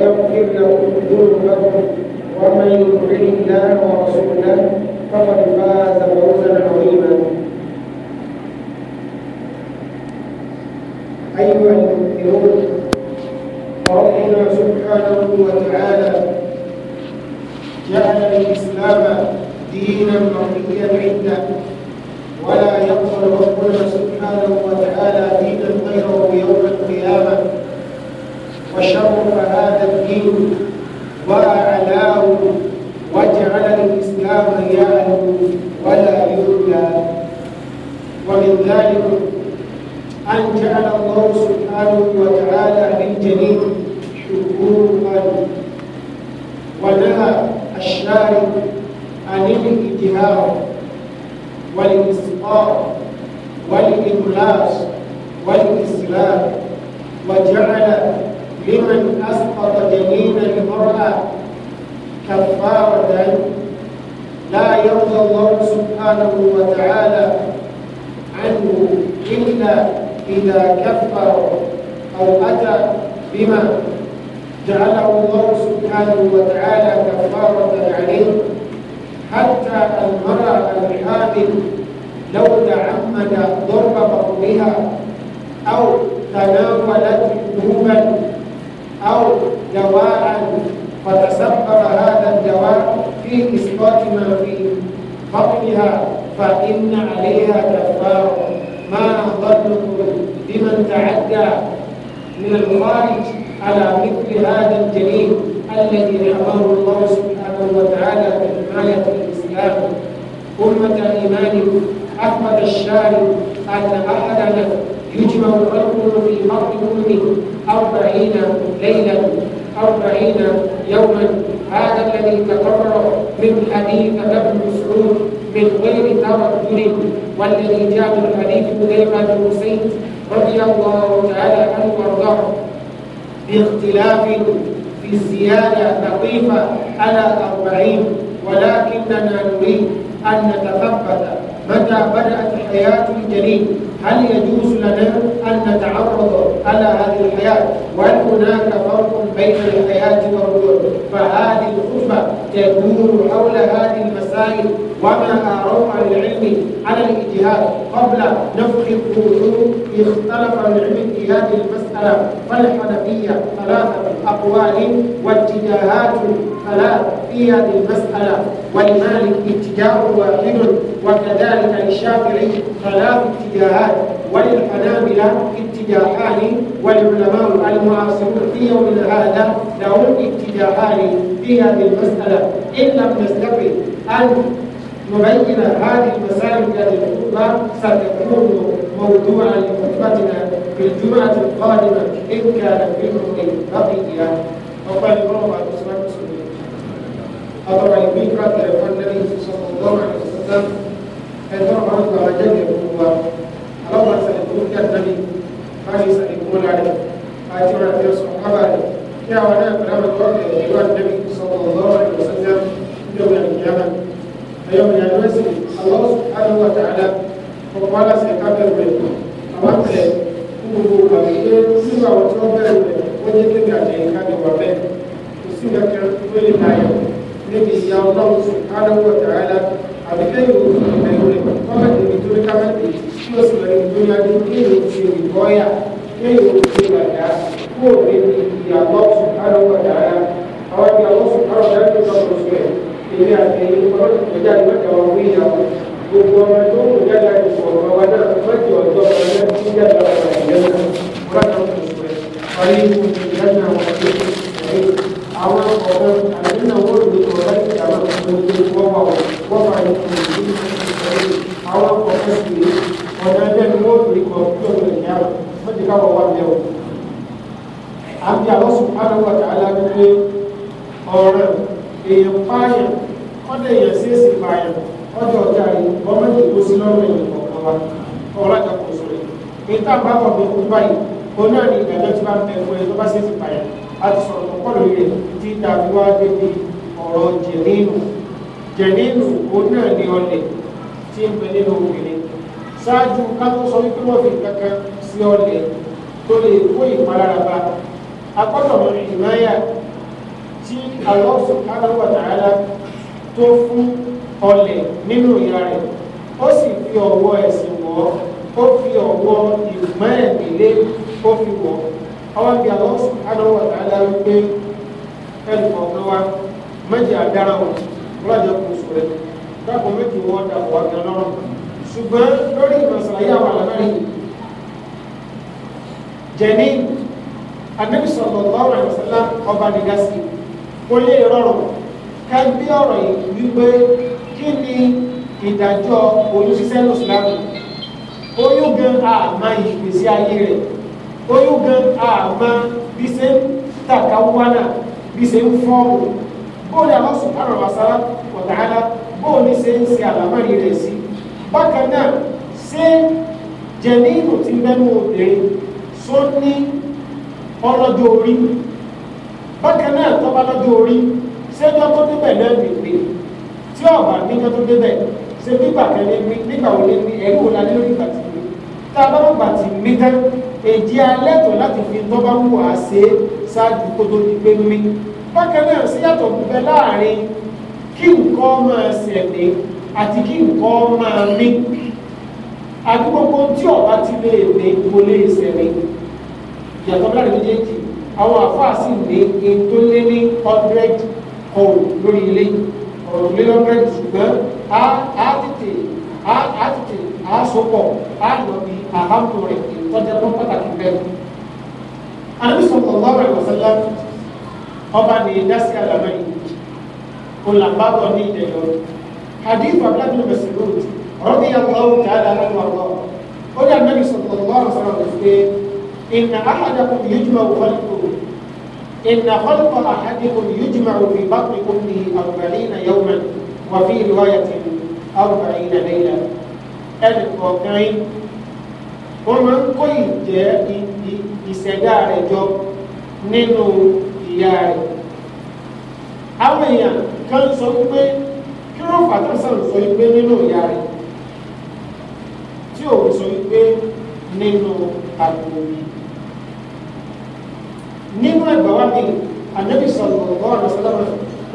ويغفر لكم ذنوبكم ومن يطع الله ورسوله فقد فاز فوزا عظيما ايها المؤمنون ربنا سبحانه وتعالى جعل الاسلام دينا مرئيا عنده ولا يقبل ربنا سبحانه وتعالى دينا غيره يوم القيامه وشرف هذا الدين وأعلاه وجعل الإسلام يعلو ولا يؤذى ومن ذلك أن جعل الله سبحانه وتعالى للجنين شكورا ونهى الشارع عن الاتهام والإسقاط والإملاس والإسلام وجعل لمن أسقط جنين المرأة كفارة لا يرضى الله سبحانه وتعالى عنه إلا إذا كفر أو أتى بما جعله الله سبحانه وتعالى كفارة عليه حتى المرأة الحامل لو تعمد ضرب بطنها أو تناولت لبوبا أو دواء فتسبب هذا الدواء في إسقاط ما في بطنها فإن عليها كفارة ما ظنكم بمن تعدى من الخارج على مثل هذا الجليل الذي حرمه الله سبحانه وتعالى بحماية الإسلام أمة إيمان أحمد الشارع أن أحدنا يجمع الرجل في حق أمه أربعين ليلا أربعين يوما هذا الذي تكرر من حديث ابن مسعود من غير تردد والذي جاء من حديث حذيفة بن حسين رضي الله تعالى عنه وارضاه باختلاف في الزيادة لطيفة على أربعين ولكننا نريد أن نتثبت متى بدأت حياة الجليل هل يجوز لنا أن نتعرض على هذه الحياة وهل هناك فرق بين الحياة والروح فهذه الخطبة تدور حول هذه المسائل وما أعرض للعلم العلم على الاجتهاد قبل نفخ القبور اختلف العلم في هذه المسألة فالحنفية ثلاثة أقوال واتجاهات ثلاث في هذه المسألة ولمالك اتجاه واحد وكذلك للشافعي ثلاث اتجاهات وللحنابلة اتجاهان والعلماء المعاصرون في يومنا هذا لهم اتجاهان في هذه المسألة إن لم نستفد أن نبين هذه المسالك للخطبة ستكون موضوعا لخطبتنا في الجمعة القادمة إن كان منكم بقية وقال الله على عثمان المسلمين أضرب الفكرة تلفون النبي صلى الله عليه وسلم أن ترفع الله جل هو اللهم سلمون كالنبي فاشي سلمون عليه أتمنى في الصحابة يا ولا كلام الوقت النبي صلى الله عليه وسلم يوم القيامة Ayo menyadui Allah Subhanahu wa Ta'ala Kepala sekafir mereka Awak saya Kumpul kami Siwa wa coba Wajib kita jadikan kami wabek Usia kembali naya Nabi ya Allah Subhanahu wa Ta'ala Abikayu Ayuri Kama dibituri kama Kio sebagai dunia di Kio sini goya Kio sini ada Kumpul Ya Allah Subhanahu wa Ta'ala Awak ya Allah Subhanahu wa Ta'ala Kita berusaha èmi àti ọjà mẹ́ta ọ̀hún ìyá gbogbo ọmọ tó ń jáde àìsàn ọmọ wa náà mẹ́jọ ọjọ́ ọmọ náà ti ń jáde àwọn ìyá náà kọ́nà òṣùwẹ̀ parí ikú lẹ́nà àwọn ọmọ àwọn ọmọ àti náà wọ́n lè kọ́ láti àwọn ọmọ tó ń wọ́n wà wọ́n máa ń kọ́ ní àwọn ọmọ sì rí ọ̀nà ẹgbẹ́ ni wọ́n lè kọ́ tó ń rìn yàrá wọ́n ti káwọ́ wá lẹ́wọ̀ àbí àwọn sùn ọdẹ èèyàn sí èsì ìpààyàn ọjọ́ ọjà yìí gọ́ọ̀mẹ̀ntì kó sí lọ́rùn èèyàn kọ̀ọ̀kan wa ọ̀rọ̀ àjọ kò sọ̀rọ̀ èyí tá a bá wọ̀ ní kúkú báyìí òun náà ni ìdájọ́ ti bá ń bẹ fún ẹ tó bá sí èsì ìpààyàn a ti sọ̀rọ̀ tó pọ̀ lórí rẹ̀ tí dàbí wá débi ọ̀rọ̀ jẹ̀nínú jẹ̀nínú òun náà ni tí ń bẹ nínú obìnrin ṣáájú ká sọ wípé wọ́n fi kankan sí ọlẹ̀ tó lè kó ìpalára bá a gbọ́dọ̀ mọ ìmáyà tí Allah subhanahu wa ta'ala tó fún ọlẹ̀ nínú ìyá rẹ̀ ó sì fi ọwọ́ ẹ̀sìn wọ̀ ó fi ọwọ́ ìgbọ́n ẹ̀mílé ó fi wọ̀ ọwọ́ bí Allah subhanahu wa ta'ala wípé ẹnì kọ̀ọ̀kan wa mẹ́jẹ̀ àdára wọn lọ́jọ́ kò sọ rẹ̀ dákọ̀ méjì wọ́n dà wọ́n gan lọ́rùn ṣùgbọ́n lórí ìmọ̀sàlàyé àwọn àlàkárí jẹ̀ní Ànábì sallallahu alaihi wasallam ọba nìdásí kò lè rọrùn kẹ́gbé ọ̀rọ̀ yìí wípé kí ni ìdájọ́ oyún ṣiṣẹ́ lọ́sùlámù oyún gan àmà ìgbésí ayé rẹ̀ oyún gan àmà bí ṣe ń tàkà wánà bí ṣe ń fọ́ọ̀mù bóòlù àwọn sùpárọ̀ wàsálà ọ̀tàhálà bóòlù ṣe ń ṣe àlámọ́rí rẹ̀ sí bákan náà ṣé jẹ̀nínù ti mẹ́nu obìnrin só ní ọlọ́jọ́ orí bákan náà tọ́ba lọ́jọ́ orí ṣéjọ́ tó débẹ̀ náà lè pè tí ọ̀bà níjọ́ tó débẹ̀ ṣe nígbà kẹlẹ́ mi nígbà wo lè mi ẹ̀rú wòlá lórí ìgbà tí mi tá a bá wọ́n gbà tí mi tán èjì alẹ́ láti fi tọ́ wù á ṣe é ṣáájú kó tó di pé mi bákan náà sí yàtọ̀ gbígbẹ láàrin kí nǹkan máa ṣẹ̀lẹ̀ àti kí nǹkan máa mí àti gbogbo tí ọba ti lè dé mo lè ṣẹ̀lẹ̀ ìyàtọ̀ láàrin méjèèjì àwọn àfáà sì ní ètò lé ní hundred ọ̀rọ̀ lórí ilé ọ̀rọ̀ lélọ́gbẹ́ ṣùgbọ́n á tètè a tètè á sopọ̀ a lọ bí àhámù rẹ̀ ìtọ́jẹ́ tó pàtàkì bẹ́ẹ̀. àdúgbò sallallahu alaihi wasallam ọba ní dásí àlàmẹ́ yìí olàbábọ̀ ní ìdẹ̀lọ́ hadith abdulayi bin masilud rọ́bì yàtọ̀ tààlà lẹ́nu ọ̀rọ̀ ó dà mẹ́rin sallallahu alaihi wasallam ìnà àhàdàkùn yìí jùlọ wọ́n إن خلق أحدكم يجمع في بطن أمه أربعين يوما وفي رواية أربعين ليلة ẹnì kọ̀ọ̀kan yín wọ́n máa ń kó ìjẹ́ ìṣẹ̀dá rẹ̀ jọ nínú ìyá rẹ̀ àwọn èèyàn kan sọ wípé kí ló fà tó sàn sọ wípé nínú ìyá rẹ̀ tí òun sọ wípé nínú àpò yìí. nínú ẹgbàá mi anabi sallallahu alaihi wasallam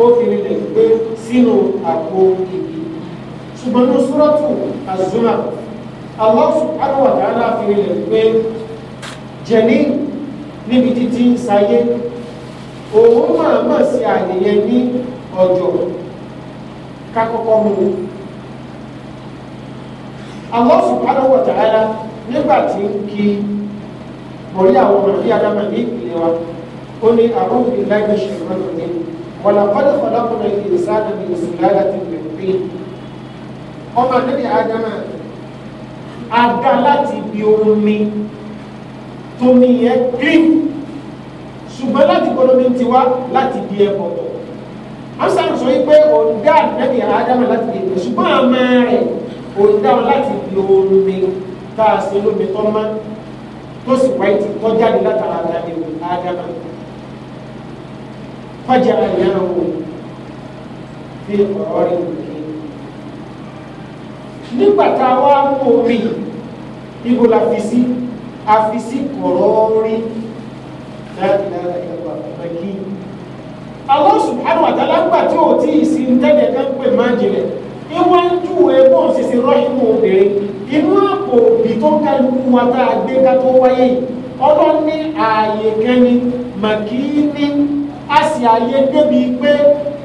ó fi rinlẹ̀ pé sínú àpò igi ṣùgbọ́n azuma Allah subhanahu wa ta'ala fi rinlẹ̀ pé jẹ̀ní níbi títí o sayé òun máa máa ṣe àyẹyẹ ní ọjọ́ Allah subhanahu wa orí àwọn ọmọ bí adama ní ìpìlẹ̀ wa ó ní àwọn òbí láìpẹ́ ṣe ìrọ́lù ní wọ̀là kọ́lẹ̀ fọlọ́kùnrin ìsáàdà ní ìsìlára ti bẹ̀rù pé ọmọ níbi adama adá láti ibi omi tómi yẹn green ṣùgbọ́n láti gbọ́dọ̀ mi ti wá láti di ẹ̀ bọ̀dọ̀ asan sọ pé òǹdà nàbì àdámà láti lè ṣùgbọ́n àmà rẹ̀ òǹdà láti lò omi tá a ṣe lómi tó máa tó sì wáyé ti tọ́jà ní látara àdáde wò ádámà fájà àyànà wò fi ọ̀rọ̀ rẹ̀ wò ké nígbà tá a wá kó rí ibo la fi sí a fi sí kọ̀rọ̀ rí láti lára ìyàwó àbẹ̀kí àwọn subhanahu wa ta'ala gbà tí o ti ìsìn tẹ́lẹ̀ kan pè má jìnlẹ̀ ìwọ́n ju ẹ̀gbọ́n ṣiṣẹ́ rọ́ọ̀ṣì mú obìnrin inú àpò òbí tó kálukú wa tá a gbé ká tó wáyé yìí ọlọ́run ní ààyè kẹni màkì ní a sì ààyè débi pé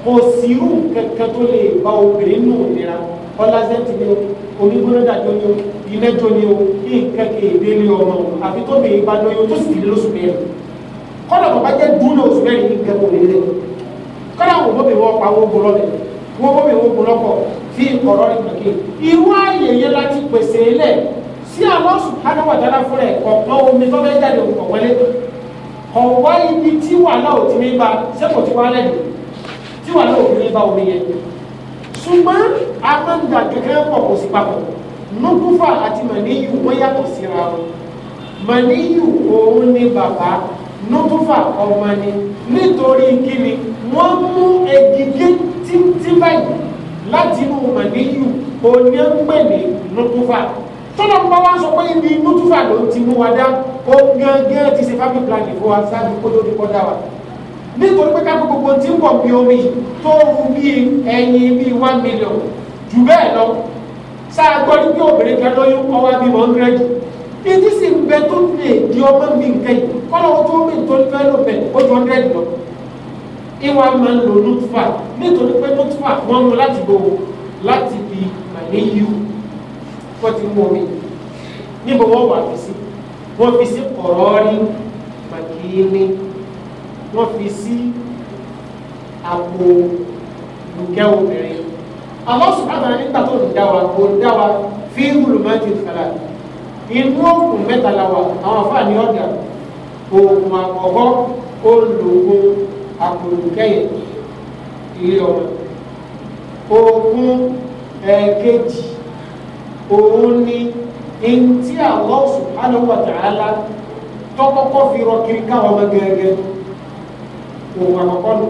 kò sírù kankan tó lè ba obìnrin nù nira ọlásẹ́ntì ni o onígbónádà jọ ni o ìnẹ́jọ ni o ní nǹkan kéde ní ọmọ àfi tó bèè bá lóyún tó sì lóṣù mẹ́rin kọ́nà bàbá jẹ́ dúró oṣù mẹ́rin ní nǹkan kò lè lẹ́nu kọ́nà òbóbìnrin wọn pa owó gbọ́rọ́ lẹ́nu wọ́n wọ́n mi wọ́n gun lọ́kọ̀ fi ọ̀rọ̀ ìgbàgbé irú ààyè yẹn láti pèsè lẹ̀ sí àwọn subhanahu wa ta'ala fúnra ẹ̀ kọ̀ọ̀kan omi tó bẹ́ẹ̀ jáde òkùnkàn wọlé ọ̀wá ibi tí wàhálà ò ti mi ba sẹ́kọ̀ tí wàhálà yìí tí wàhálà ò mi ba omi yẹn ṣùgbọ́n agbẹ́ndà kékeré pọ̀ kò sí papọ̀ nukufa àti màníyù wọ́n yàtọ̀ síra o màníyù òun ni bàbá nukufa ọmọ ni nítorí kíni wọ́n mú egigé títí báyìí láti inú màníyù òní ń pè ní nùtúfà tọ́lọ̀ ń bá wá sọ pé ibi nùtúfà ló ti mú wa dá ó gángan ti ṣe family planning fún wa sáájú kó tó di kọ́ dá wa nítorí pé ká gbogbo tí ń bọ̀ bí omi tó ru bí ẹyin bí one million jù bẹ́ẹ̀ lọ sáà gbọ́dọ̀ pé obìnrin kan lóyún ọwọ́ bímọ ń gírẹ́jì ìdí sì ń bẹ tó lè di ọmọ mi nǹkan yìí kọ́lọ́wọ́ tó ń bẹ fẹ́ lọ́bẹ̀ ó ju hundred lọ ìwà máa ń lo nutfa nítorí pé nutfa wọ́n mú láti bò láti bi àníyù wọ́n ti mú omi níbo wọ́n wà fi sí wọ́n fi sí kọ̀rọ́ọ́rí màkìíní wọ́n fi sí àpò lùkẹ́ obìnrin àwọn sùpàtàkì nígbà tó ń dá wa kò ń dá wa fi wùlù máa ti fàlà inú òkun mẹ́ta la wà àwọn afáàní ọ̀dà òògùn àkọ́kọ́ olùgbò àpòlùkẹ́yìn ilé ọmọ ogún ẹ̀ẹ́kejì òun ni ẹni tí Allah subhanahu wa ta'ala tọ́kọ́kọ́ fi rọ kiri káwọn ọmọ gẹ́gẹ́ òun àkọ́kọ́ nù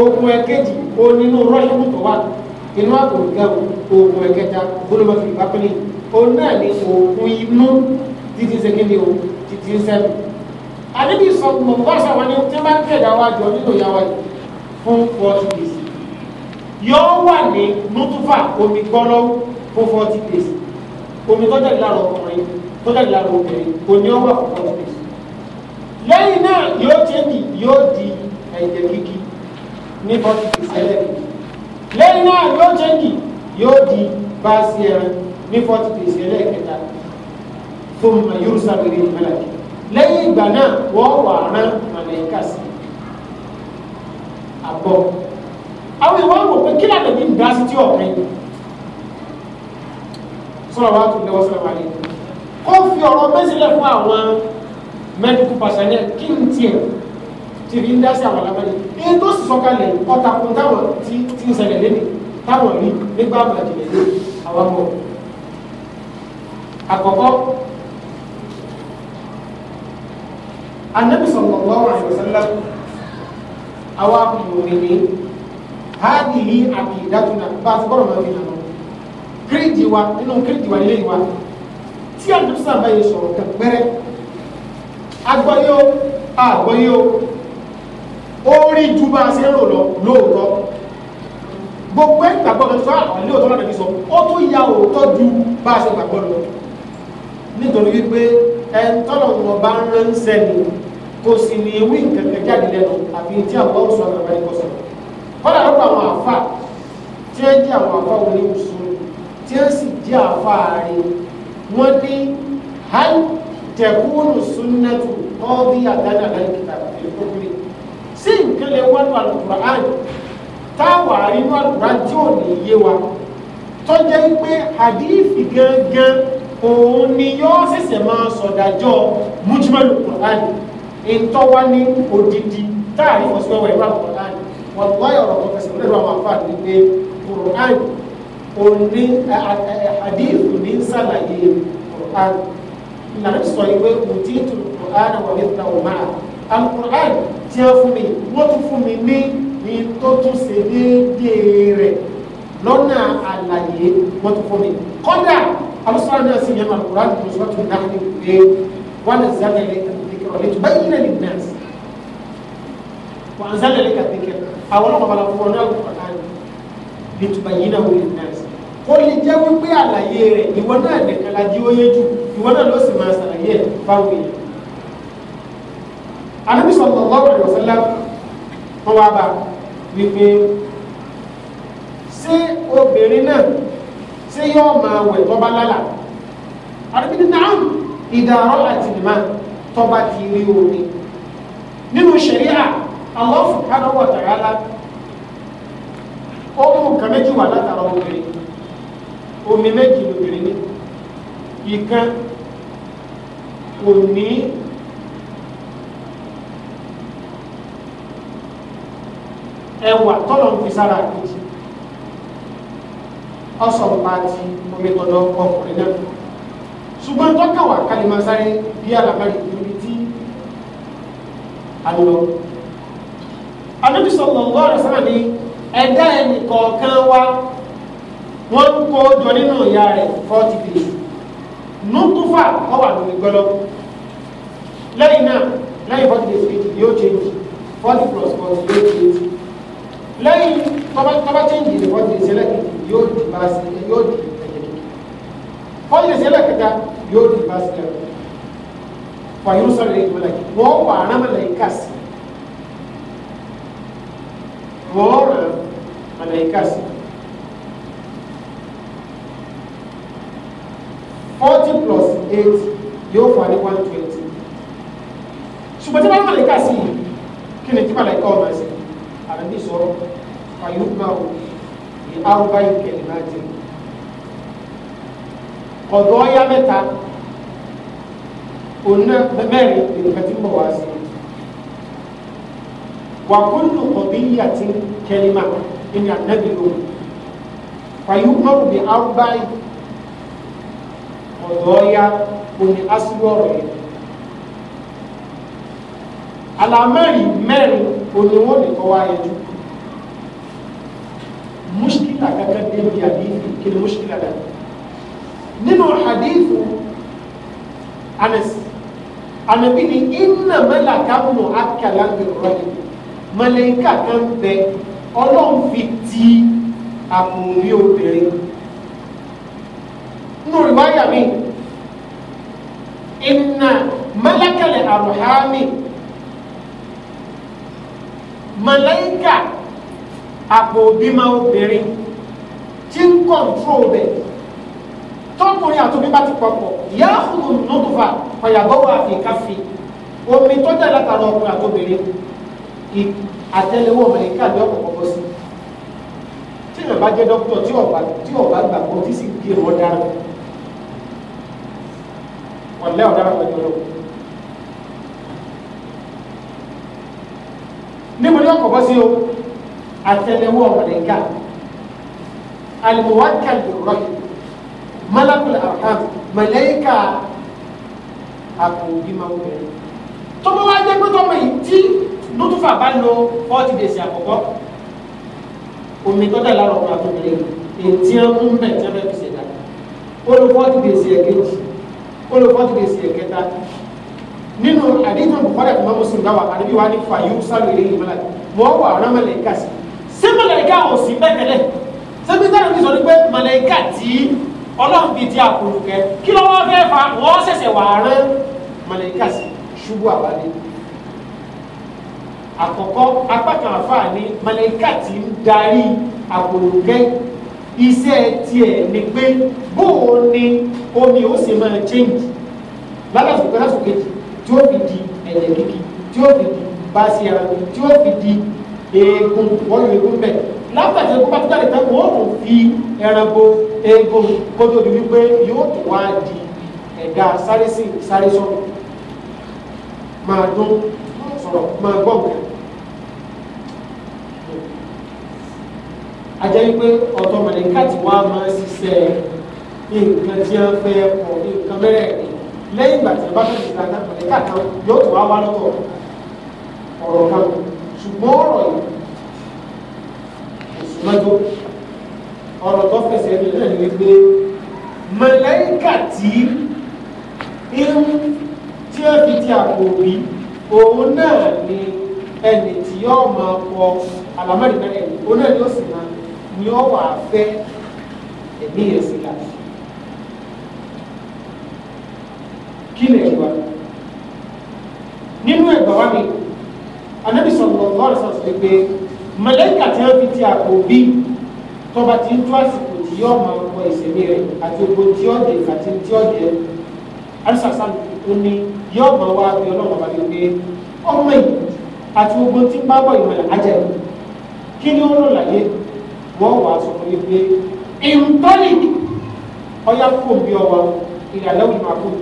ogun ẹ̀kejì ó nínú rọ́ṣùkù tó wà inú àpòlùkẹ́ ogun ẹ̀kẹta gbólóbọ̀ fìlìpápẹ́lì òun náà ni ogun inú títí sẹ́kẹ́ndì o títí sẹ́kẹ́ndì àdébí ìsọ̀gbọ̀n bọ́ọ̀sì àwọn ẹni tí máa ń tẹ̀lé àwọn àjọ nínú ìyàwó yìí fún forty days yóò wà ní nútúfà omi gbọ́lọ́ fún forty days omi tó jáde lára ọkùnrin tó jáde lára obìnrin kò ní ó wà fún forty days lẹ́yìn náà yóò tẹ́lẹ̀ yóò di ẹ̀jẹ̀ kíkí ní forty days ẹlẹ́kìkì lẹ́yìn náà yóò tẹ́lẹ̀ yóò di báàsì ẹran ní forty days ẹlẹ́kẹta fún yorùsàlẹ̀ ìmọ̀lẹ́kì lẹ́yìn ìgbà náà wọ́n wà rán màlẹ́kà sí àbọ̀ àwọn ìwọ rò pé kí lànà bí ìdá sí tí ọ̀pẹ sọ̀rọ̀ wa tún lọ́wọ́ sọ̀rọ̀ wa lè kó fi ọ̀rọ̀ mẹ́sílẹ̀ fún àwọn mẹ́díkù pàṣẹ kí n tiẹ̀ ti fi ń dá sí àwọn alámẹ́lẹ̀ èyí tó sì sọ̀kalẹ̀ ọ̀tàkùn táwọn ti ń ṣẹlẹ̀ lẹ́nu táwọn rí nígbà àbàjẹ́ àwọn ọmọ anabi sallallahu alayhi wa sallam awa mọ̀mìnì hádìí àkìdátúnà bá a ti bọ́rọ̀ máa fi hàn án kéréjì wa nínú kéréjì wa nílé wa tí anabi sábà yẹ sọ̀rọ̀ kẹgbẹ́rẹ́ agbọ́yó àgbọ́yó ó rí ju bá a ṣe ń rò lọ lóòótọ́ gbogbo ìgbàgbọ́ kan sọ àwọn ilé òtọ́ náà fi sọ ó tún ya òótọ́ ju bá a ṣe gbàgbọ́ lọ nítorí wípé ẹ̀ tọ́lọ̀ wọn bá ń ránṣẹ́ ni kò sì ní ewé nǹkan jáde lẹ́nu àfi tí àwọn ọ̀sán ọ̀nà ìbáyé kọ̀ sọ. kọ́lá lọ́pọ̀ àwọn àfa tí wọ́n jẹ́ àwọn àfa wọlé ìwòsàn tí wọ́n sì jẹ́ àfa ààrẹ wọ́n ní hàn tẹ̀kúnù sunnatu ọ́bí àdáná àdáná kìtà ìkókòrè sí nǹkan lè wọ́n lọ àlùkùrán táwa àrínú àlùkùrán tí ò yé wa tọ́jẹ́ pé àdífì gangan òun ni yóò ṣẹ̀ṣẹ̀ máa sọ̀dájọ́ mujmalul Qur'an ìtọ́wá ní odidi táàrí fọ́síwẹ́wẹ́ ìwà kọ̀ọ̀láì wọ́n láyé ọ̀rọ̀ kan fẹsẹ̀ lórí àwọn àfáà ní pé kùrán òní àdìsù ní sàlàyé kùrán ìlànà sọ ìwé òtí tù kùrán wà ní ìtàwọn máa alukùrán tí a fún mi wọ́n tún fún mi ní ní tó tún ṣe déédéé rẹ̀ lọ́nà àlàyé wọ́n tún fún mi kọ́dà alùsọ̀rọ̀ náà sì yẹn alukùrán tó sọ́tún náà ní pé wọ́n ولتبين للناس وأنزلنا لك الذكر àwọn ọlọ́pàá la fún ọ náà lùkọ̀ náà ni litubayi náà wọlé náà sí. kó lè jẹ́ wípé àlàyé rẹ̀ ìwọ náà nìkan la di óyé jù ìwọ náà ló sì máa ṣàlàyé ẹ̀ fáwọn èèyàn. Ànábì sallallahu alaihi wasallam wọn wá bá wípé ṣé obìnrin náà ṣé yóò máa wẹ̀ tọ́ba lálà. Ànábì ní náà ìdàrọ́ àti ìmáà tọ́ba ti rí omi nínú ṣẹ̀ríà Allah subhanahu wa ta'ala ó mú nǹkan méjì wà látara obìnrin omi méjì lóbìnrin ní ìkan kò ní ẹwà tọ́lọ̀ ń fi sára kejì ọ̀sọ̀ pa ti omi tọ̀dọ̀ ọkùnrin náà ṣùgbọ́n tọ́ka wà kálí máa sáré bí alábàárì níbi tí a lọ. Ànábì sallallahu alaihi wasallam ni ẹ̀dá ẹnì kọ̀ọ̀kan wa wọ́n ń kó jọ nínú ìyá rẹ̀ forty days nùtúfà wọ́n wà lórí gbọ́lọ́ lẹ́yìn náà lẹ́yìn forty days kejì yóò change forty plus forty yóò change lẹ́yìn tọ́ba tọ́ba change ní forty days ẹlẹ́kejì yóò di fọ́yìn sí ẹlẹ́kẹta yóò di bá sílẹ̀ fàyín sọ̀rọ̀ èyí wọlé wọ́n wà á nàmà lẹ́yìnká sí wọ́n rà á lẹ́yìnká sí. forty plus eight yóò fà ní one twenty ṣùgbọ́n tí wọ́n mọ̀ lẹ́yìnká sí kí ni tí wọ́n lẹ́yìnká ọ̀nà sí àdàbí sọ̀rọ̀ fàyín gbà wò ní arúgbáyé kẹlẹ́ máa jẹun ọ̀dọ́ ọ̀yá mẹ́ta ona mẹ́rin nǹkan tí mo wá sí wà kúndùn ọ̀bíyà tí kẹlímà ẹni ànábì lóhùn fàyú mọ́rù bí arúgbáyé ọ̀dọ́ ọ̀yá òní asúlù ọ̀rọ̀ yẹn alamẹ́rin mẹ́rin òní wọn nìkan wá yẹn jù mùsùlùmí kankan débi àbí kí ni mùsùlùmí nínú hadithu anas anabi ni inna mẹ́làkà mọ̀ akẹ́lá ń bẹ̀rù rẹ̀ mẹ́lẹ́kà kan bẹ ọlọ́run fi ti àkùnrin obìnrin nínú rìwáyà mi inna mẹ́lẹ́kà lè àrùhámi mẹ́lẹ́kà àpò òbí ma obìnrin tí ń kọ̀ntró bẹ̀rẹ̀ tọkùnrin àtòmí bá ti papọ̀ ìyá àkùnrin nọ́tòfà ọ̀yàbọ̀wọ̀ àfikàfi omi tó jẹ́ látara ọkùnrin àtòbìnrin àtẹlẹwọ́ mẹ̀ríkà ní ọ̀pọ̀ pọ̀pọ̀ sí tí ìrìnàbá jẹ́ dókítà tí ọ̀bá tí ọ̀bá gbà kó tí sì gé wọn dára ọ̀lẹ́ ọ̀dára pẹ̀lú ọ̀rọ̀ níbo ni ọ̀pọ̀ pọ̀ sí o àtẹlẹwọ́ mẹ̀ríkà alùpùpù wákàtí rọ̀yìn malakul arham mẹlẹ́kà àkòbí máa ń bẹ̀rẹ̀ tó bá wá jẹ́ pé tọ́mọ yìí tí lótúfà bá lo forty days àkọ́kọ́ omi tó dà lára ọkùnrin àtòkèrè ètí ẹ̀ ń bẹ̀ tí ẹ̀ bẹ̀ fi ṣẹ̀dá ó lo forty days ẹ̀kejì ó lo forty days ẹ̀kẹta nínú àdéhùn bùkọ́dà tó máa mú sí ìgbà wà àdébí wa ní fàyú sálò ilé yìí mọ́lá mọ́ wà rán mẹ́lẹ̀ká sí sí mẹ́lẹ̀ká ò sí bẹ́ẹ̀ tẹ́lẹ̀ sẹ́gbẹ́tà rẹ̀ mi sọ ní pé mẹ́lẹ̀ká tí ọlọ́run bíi ti àkùnùkẹ́ kí lọ́wọ́ fẹ́ fa wọ́n ṣẹ̀ṣẹ̀ wà á rán mọ̀lẹ́kà sí ṣubú àwálé àkọ́kọ́ apá kan àfáà ní mọ̀lẹ́kà ti ń darí àkùnùkẹ́ iṣẹ́ tiẹ̀ ni pé bóun ni omi ó sì máa change lálàsùkẹ́ lásùkẹ́ tí ó fi di ẹ̀jẹ̀ kíkì tí ó fi di bá sí ẹran tí ó fi di eegun wọ́n yóò eegun bẹ̀ lápàtà egun bá tó jáde tán wọ́n kò fi ẹranko eegun kó tó di wípé yóò tó wá di ẹ̀dá sáré sí sáré sọ́nù máa dún sọ̀rọ̀ máa gbọ́ gbẹ̀. a jẹ́ wípé ọ̀tọ̀ mọ̀lẹ́kàtì wa máa ṣiṣẹ́ nǹkan tí wọ́n fẹ́ ọ̀ nǹkan mẹ́rẹ̀ẹ̀rin lẹ́yìn ìgbà tí wọ́n bá fẹ́ ṣiṣẹ́ àtàkùn mọ̀lẹ́kàtì yóò tó wá wá lọ́tọ̀ ọ̀rọ̀ kan ṣùgbọ́n ọ̀rọ̀ yìí oṣù mẹ́jọ ọ̀rọ̀ tó fẹsẹ̀ ní náà ni wípé màláíkà tí irun tí ó fi ti àpò bí òun náà ni ẹni tí yóò máa kọ àlámọ́rin náà ẹni òun náà ni ó sì máa ni ó wà fẹ́ ẹ̀mí yẹn sí láti. kí lè wá nínú ẹ̀gbọ́n wa mi anabi sallallahu alaihi wasallam sọ pé màláíkà tí wọ́n fi ti àpò bí tọba ti ń tó àsìkò tí yọ ọmọ ọmọ ìsẹ̀mí rẹ̀ àti ogbó tí ó dé àti tí ó dé alùsàsà tó ní yọ ọmọ wa bí ọlọ́run bá yọ pé ọmọ yìí àti ogbó tí ń bá bọ̀ ìmọ̀lẹ̀ ajẹ́ kí ni ó lò láyé wọ́n wà sọ fún mi pé ìǹtọ́lì ọyá fún mi ọwọ́ ìrìnàlẹ́wò ìmàkùn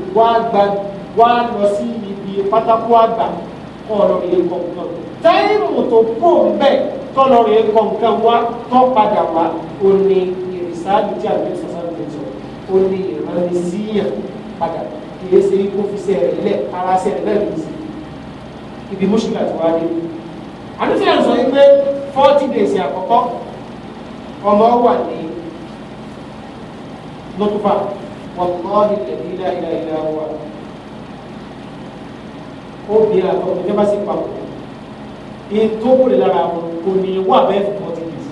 wá lọ sí ibi pátákó àgbà ọ̀rọ̀ ilé kọ̀ọ̀kan táìmù tó pọ̀ ń bẹ̀ tọ́lọ̀ rẹ̀ kọ̀ọ̀kan wá tọ́ padà wá ó ní ìrìsáàdì tí àgbẹ̀ sọ́sọ́dọ̀ tó sọ ó ní ìrànlẹ́síyàn padà kìí ṣe kó fi ṣe rẹ̀ lẹ̀ ara ṣe rẹ̀ lẹ́nu sí ibi mọ́ṣúlá tó wá dé. àdúgbò yẹn sọ pé forty days àkọ́kọ́ ọmọ wà ní lọ́tùfà wọ́n mọ́ ní tẹ̀lé ilá ilá ilá obì àtọ ìjọba sì papọ̀ èyí tó wúlò lára wọn kò ní wà bẹ́ẹ̀ fún ọtí bìtì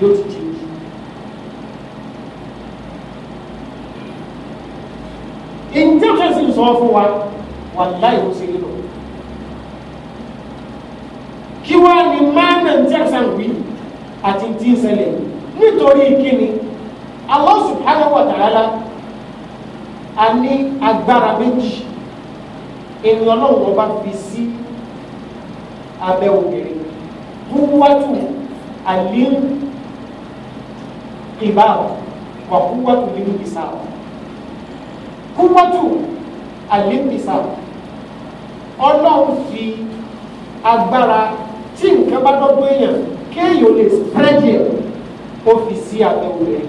yóò ti jẹ ojú. ìjọba sì ń sọ fún wa wà láì ó ṣe é lọ. kí wàá ní mánà jẹ́sán wí àti tí ń ṣẹlẹ̀ nítorí kíni Allah subhanahu wa ta'ala a ní agbára méjì ẹni ọlọ́run ọba fi sí abẹ́ obìnrin kúwátù àlín ìbá wà kúwátù nínú ìsà kúwátù àlín ìsà ọlọ́run fi agbára tí nǹkan bá dọ́gbọ́ èèyàn kéèyàn lè spread yẹn ó fi sí abẹ́ obìnrin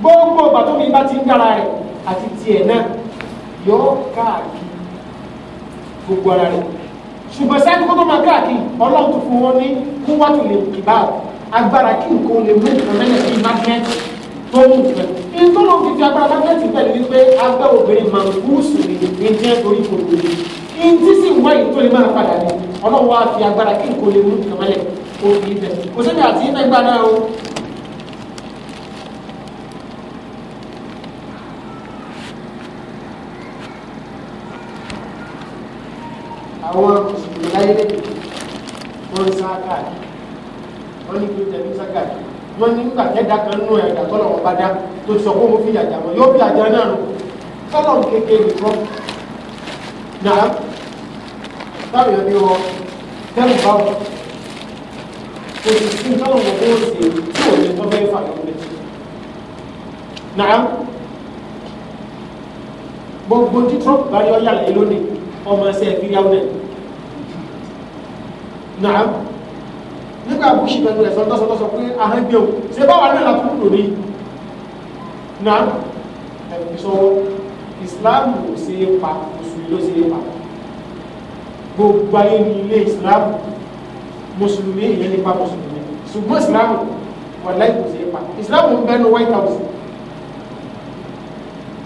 gbogbo ìgbà tó fi bá ti ń dára rẹ̀ àti tiẹ̀ náà yọ káàkiri gbogbo ara rẹ̀ ṣùgbọ́n sáájú kó tó máa káàkiri ọlọ́run tó fún wọn ní kó wá tó lè kìbá agbára kí nǹkan lè mú nǹkan mẹ́lẹ̀ sí mágínẹ́tì tó mú ìtìmẹ̀. ìtọ́nà fi fi agbára mágínẹ́tì pẹ̀lú wípé agbára obìnrin máa ń gúúsù ní ìdíyẹn torí kò lè ní tí sì ń wá èyí tó lè máa padà ní ọlọ́run wá fi agbára kí nǹkan lè mú nǹkan mẹ́lẹ̀ ó fi ibẹ̀ kò sẹ́ni àwọn mùsùlùmí láyé lẹ́yìn wọ́n ń sá káàkiri wọ́n ní kí n tẹ̀lé sá káàkiri wọ́n ní nígbà tẹ́dá kan nú ẹ̀dá tọ́lọ̀ wọn bá dá tó sọ pé mo fi yàjà wọn yóò fi àjà náà lò tọ́lọ̀ kékeré nìkan náà táwọn èèyàn bí wọn tẹ́lẹ̀ bá wọn kò sì sí tọ́lọ̀ wọn bó ṣe tí ò ní tọ́ bẹ́ẹ̀ fà lọ́wọ́ lẹ́tí náà gbogbo tí trump bá lónìí ọmọ ẹsẹ̀ fíríàwó náà nàá nígbà bush pẹ̀lú ẹ̀sán tọ́sọtọ́sọ pé ahọ́n gbé o ṣe báwa náà la kúrò ní nàá ẹ̀mí sọ islam ò ṣe é pa mùsùlùmí ló ṣe é pa gbogbo ayé ní ilé islam mùsùlùmí èyí ní pa mùsùlùmí ṣùgbọ́n islam wà láì kò ṣe é pa islam ń bẹ́nu white house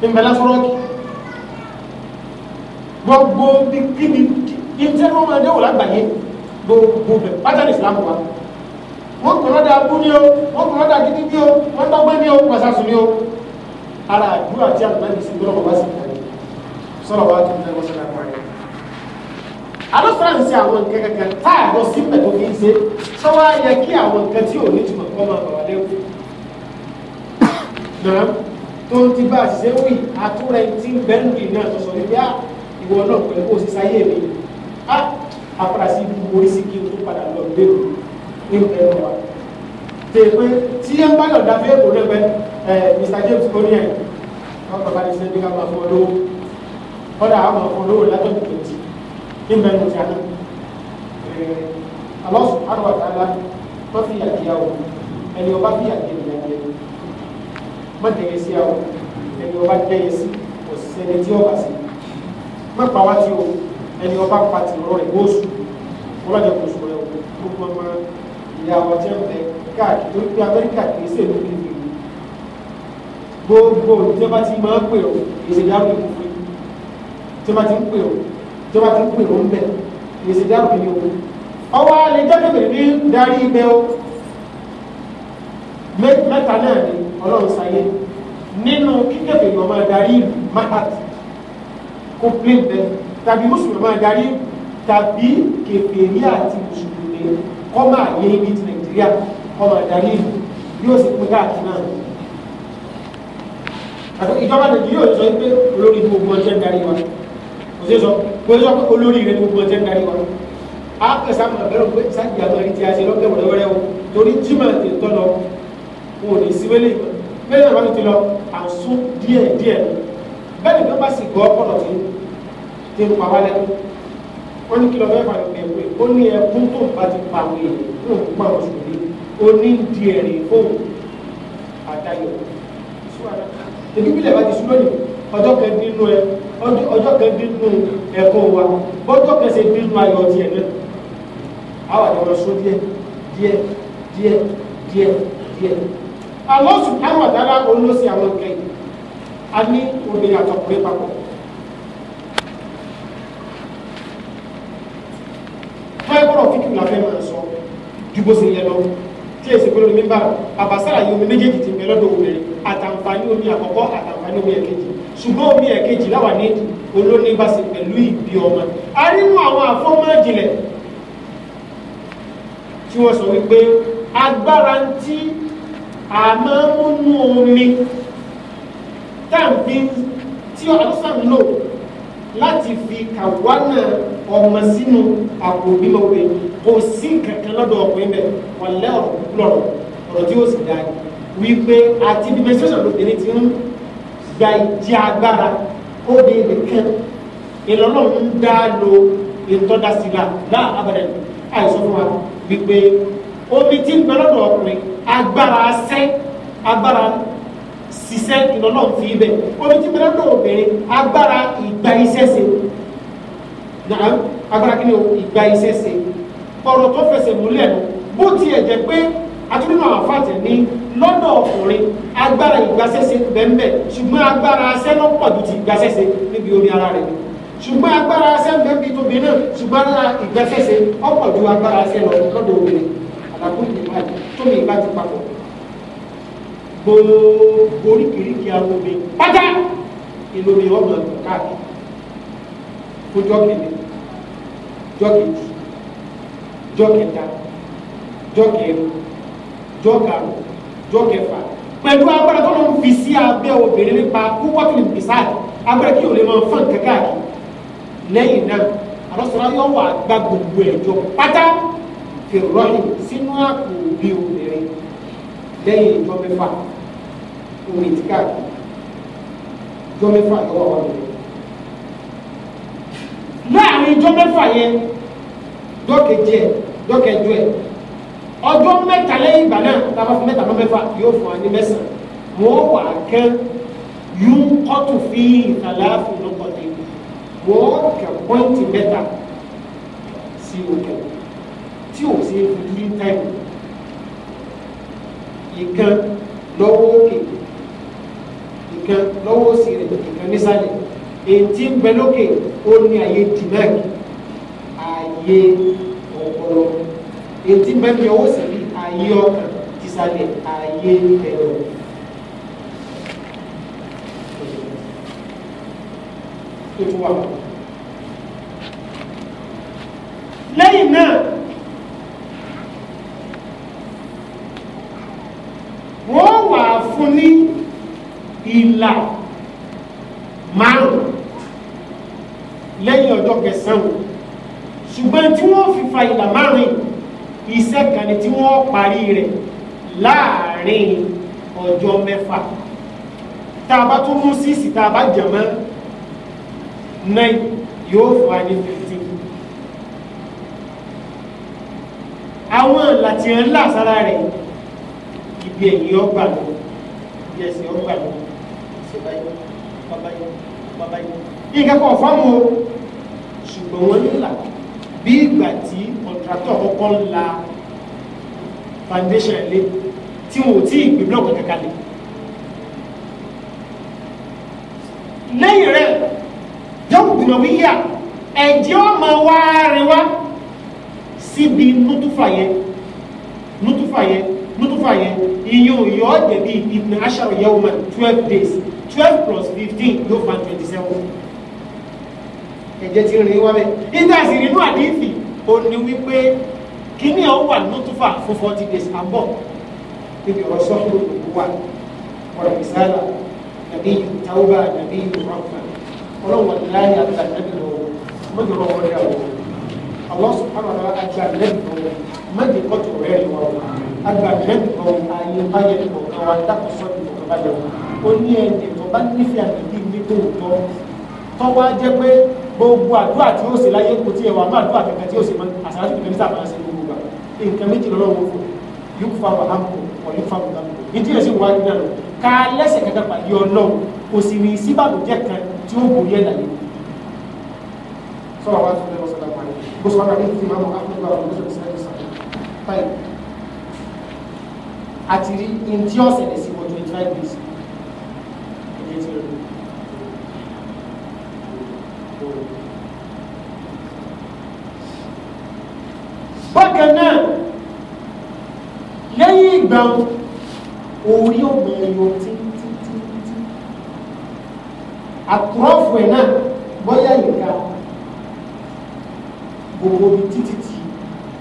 ń bẹ gbogbo kíbi ìtẹ́nu máa dẹ́wò lágbàáyé gbogbo bẹ̀ pátánì ìsìlámù wa wọ́n kò lọ́dà abú ni o wọ́n kò lọ́dà gidi bí o wọ́n dọ́gbẹ́ ni o pàṣásù ni o ara àdúrà tí àdúrà ní ìsìnkú lọ́wọ́ bá sì kàn yín sọ̀rọ̀ wa tó ń tẹ́wọ́ sọ́dà kan yín. àlọ́ faransé àwọn nǹkan kankan tá a lọ sí pẹ̀tọ́ fi ń ṣe sọ́wọ́ yẹ kí àwọn nǹkan tí ò ní túmọ̀ kọ́ máa bàwá lẹ́wọ̀. nàá tó ń ti bá àṣìṣe wì àtúrẹ̀ tí ń bẹ́ẹ̀ ìwọ náà pẹ̀lú kó o sì sáyé mi á apàdà sí ibi orí sí kí o tó padà lọ lé o ní ìpẹ́ wa. tèè tí ẹ ń bá yọ̀dá fún èkó rẹ pé Mr James kò ní ẹ̀ wọ́n bàbá ní sẹ́ni ká máa fún ọ lówó kọ́dà á máa fún ọ lówó látọ̀dù tòǹtì ní ìpẹ́ wọn ti àná. alọ́sùn àrùn àtàlà tó fi àkíyàwó ẹni ọba fi àkíyàwó mọ̀tẹ̀yẹsí àwọn ẹni ọba dẹ́yẹsí òṣìṣẹ́ ẹni tí ọba sí mẹ́pàá wá tí o ẹni ọba pa ti rọ rẹ̀ gbóòsù ọlọ́jà kò sọ rẹ̀ gbogbo ọmọ ìyá wa jẹ́ bẹ káàkiri tó ń pé amẹ́ríkà kìí ṣe ló níbi ìlú gbogbo ìjọba ti máa ń pè ọ́ ìṣèjáwé ìfúnfún ìjọba ti ń pè ọ́ ìjọba ti ń pè ọ́ ń bẹ̀ ìṣèjáwé ìfúnfún ọwọ́ alẹ́ jáde bèrè ní darí ibẹ̀ o mẹ́ta náà ni ọlọ́run sáyé nínú kíkẹ́ bèrè ọmọ darí mákàtí complain bẹ tàbí mùsùlùmí máa darí tàbí kèfèrí àti mùsùlùmí kọ́ máa lé ibi ti nàìjíríà kọ́ máa darí ìlú yóò sì pín káàkiri náà ìjọba nàìjíríà yóò sọ pé olórí gbogbo ọjọ́ ń darí wa kò sí sọ kò sí sọ pé olórí rẹ gbogbo ọjọ́ ń darí wa a kẹsà máa bẹ̀rù pé sáàkì àgbà rí ti a ṣe lọ́pẹ̀ o torí jimá ti tọ́ lọ kò ní síwélé mẹ́lẹ̀ bá ti lọ àsún díẹ̀ díẹ̀ bẹ́ẹ̀ ni wọ́n bá sì gbọ́ ọ̀pọ̀lọ̀ tí tí ń pa wá lẹ́nu ó ní kí lọ́ọ́ fẹ́ máa pè é ó ní ẹkún tó ń bá ti pa àwọn èèyàn tó ń pa àwọn sùn ní ó ní di ẹ̀rì fóun àdáyọ̀ èdè bílẹ̀ bá ti sún lónìí ọjọ́ kan dín nú ẹ ọjọ́ kan dín nú ẹ̀kọ́ wa bọ́jọ́ kan ṣe dín nú ayọ̀ tiẹ̀ náà àwọn àjọ lọ sún díẹ̀ díẹ̀ díẹ̀ díẹ̀ díẹ̀ àwọn sùn táwọn àtàlà olóṣèlú àwọn kẹ́yìn a ní obìnrin àtọkùnrin papọ̀. tọ́yẹ́ kọ́rọ̀ fíkì la fẹ́ máa sọ ju bó ṣe yẹ lọ tí èsì pé lónìí bá àbására yìí omi méjèèjì ti bẹ̀rẹ̀ lọ́dọ̀ obìnrin àtàǹfààní omi àkọ́kọ́ àtàǹfààní omi ẹ̀kejì ṣùgbọ́n omi ẹ̀kejì láwà ní olónígbàsí pẹ̀lú ìbí ọmọ a nínú àwọn àfọ́mọ́jìnlẹ̀ tí wọ́n sọ wípé agbára tí a máa ń mú omi táàbí tí ọ̀sán lò láti fi kàwánà ọmọ sínú àpò bímọ pé kò sí kankan lọ́dọ̀ ọkùnrin bẹ̀ ọ̀lẹ́ ọ̀rọ̀ lọ́rọ̀ ọ̀rọ̀ tí ó sì dáa wípé àti bí menstruation lóbìnrin ti ń gba ìjì agbára ó di nìkan ìlọ́nà ń dá lo ìtọ́dásílà náà abẹ́rẹ́ àìsàn fún wa wípé omi tí ń gbẹ lọ́dọ̀ ọkùnrin agbára sẹ́ agbára ṣiṣẹ́ ìlọ́lọ́run fi bẹ̀ omi tí mìíràn náà obìnrin agbára ìgbà iṣẹ́ ṣe agbára kí ni o ìgbà iṣẹ́ ṣe ọ̀rọ̀ tó fẹsẹ̀ múlẹ̀ lọ bó tiẹ̀ jẹ́ pé atúndínú àfàtẹ̀ ní lọ́dọ̀ ọkùnrin agbára ìgbàsẹ́sẹ bẹ́ẹ̀nbẹ́ẹ̀ ṣùgbọ́n agbára asẹ́ ló pọ̀ ju ti ìgbàsẹ́sẹ níbi omi ara rẹ̀ ṣùgbọ́n agbára asẹ́ bẹ́ẹ̀bi tóbi náà ṣùgbọ́n agbára ìgbàsẹ́sẹ ọ̀pọ̀ ju agbára asẹ́ lọ lọ́dọ̀ obìnrin àdàkùn ìgbà tómi ìgbà ti papọ̀ gbogbo oríkìríkì awo mi pátá ìlú mi ọmọ káàkiri fún jọ́kìnì jọ́kìtì jọ́kẹta jọ́kẹrin jọ́karùn jọ́kẹfà pẹ̀lú agbára tó ló ń fi sí abẹ́ obìnrin nípa púpọ̀ tó lè fi sáàdì agbára kí o lè máa fọ́n káàkiri lẹ́yìn náà àlọ́sọ̀rọ̀ yóò wà gba gbogbo ẹ̀jọ́ pátá fèrè rọ́ọ̀lì sínú àpò bí obìnrin lẹ́yìn ìjọ mẹ́fà ìrìn tí káàkiri jọ mẹ́fà lọ́wọ́ wa lọ́wọ́ láàrin ijọ́ mẹ́fà yẹn dọ́kẹ̀jẹ dọ́kẹ̀jọ ẹ̀ ọjọ́ mẹ́ta lẹ́yìn ìgbà náà tá a bá fún mẹ́ta fún mẹ́fà yóò fún wa ní mẹ́sàn-án wọ́n wà kán yún kọ́tù fi ìtàláàfù lọ́kọ̀tẹ̀ wọ́n kẹ̀ pọ́ǹtì mẹ́ta sí òkè tí ò sí fi dúdú táìmù ìkan lọ́wọ́ òkè ìkan lọ́wọ́ sí rẹ̀ ìkan nísàlẹ̀ èyí tí ń bẹ lókè ó ní àyè dìmẹ́k àyè ọpọlọ èyí tí ń bẹ ní ọwọ́ sí rí àyè ọkàn tìsàlẹ̀ àyè ẹ̀rọ. ètò wa lẹ́yìn náà wọ́n wà fún ní ìlà márùn lẹ́yìn ọjọ́ kẹsàn-án ṣùgbọ́n tí wọ́n fi fa ìlà márùn iṣẹ́ kan ni tí wọ́n parí rẹ̀ láàrin ọjọ́ mẹ́fà tá a bá tún mú síìsì tá a bá jẹ̀ mọ́ náà yóò fún ní fifteen àwọn làtìrẹ́ ńlá sára rẹ̀ ibi ẹ̀yìn ọgbà lọ ibi ẹ̀sìn ọgbà lọ nǹkan kan fáwọn o ṣùgbọ́n wọ́n nílà bí ìgbà tí kọ̀ǹtrátọ̀ kọ́kọ́ ń la foundation lé tí wọn ò tí ì gbé blọọkù kankan lé lẹ́yìn rẹ̀ yọ̀wù gbìyànjú yíyà ẹ̀jẹ̀ ọmọ wa rẹ̀ wá síbi nútúfà yẹn nútúfà yẹn nútúfà yẹn ìyún ìyọ́ ọ̀dẹ̀ bíi twelve days twelve plus fifteen yóò fa twenty seven ẹ̀jẹ̀ ti rìn wá bẹ́ẹ̀ ìtàsí nínú àdífì ó ní wípé kíní ọ̀ wà nútúfà fún forty days and more níbi ọ̀rọ̀ sọ́kúrò lòkú wa ọ̀rọ̀ ìsáàlà nàbí tàwùbà nàbí ìrọ̀fà ọlọ́wọ̀ láyé àgbà nàbí lọ́wọ́ mọ́jọ lọ́wọ́ rẹ̀ wọ́n àwọn sọ̀kọ́rọ̀ rẹ̀ àgbà nàbí lọ́wọ́ mọ́jọ kọ́tù rẹ̀ wọ́n àgbà nàbí lọ́wọ́ ayé báyẹ̀ lọ́wọ́ àwọn adákọ̀sọ́ bá nífẹ̀ẹ́ àbídí ní tòótọ́ tọ́wọ́ á jẹ́ pé gbogbo àdúrà tí ó ṣe láyé kò tí ẹ wà má àdúrà kankan tí ó ṣe mọ àṣàrà tuntun kẹmísà máa ṣe gbogbo gbà nǹkan méjì lọ́wọ́ wò fún yóò fa wàhálà kò ọ̀yọ́ fa wàhálà kò ìdí rẹ̀ sì wà nínú ẹ̀rọ ká lẹ́sẹ̀ kankan pàdé ọlọ́run kò sì ní síbàbò jẹ́ kan tí ó borí ẹ̀ láyé. sọ́wọ́ wa tún lẹ́wọ́ sọ́dọ̀ pàdé bó sọ́wọ́ pàdé ti máa mọ áfíríkà ọ̀rọ̀ lọ́sọ̀rọ̀ sẹ́yìn sọ́dọ̀ àti rí ntí ọ̀sẹ̀ lẹ̀ sí wọ́n twenty five days bákan náà lẹ́yìn ìgbà orí ọ̀gbìn ẹ̀yọ títítítí àtúrọ̀fù ẹ̀ náà bọ́yá ìka gbogbo bíi títí tí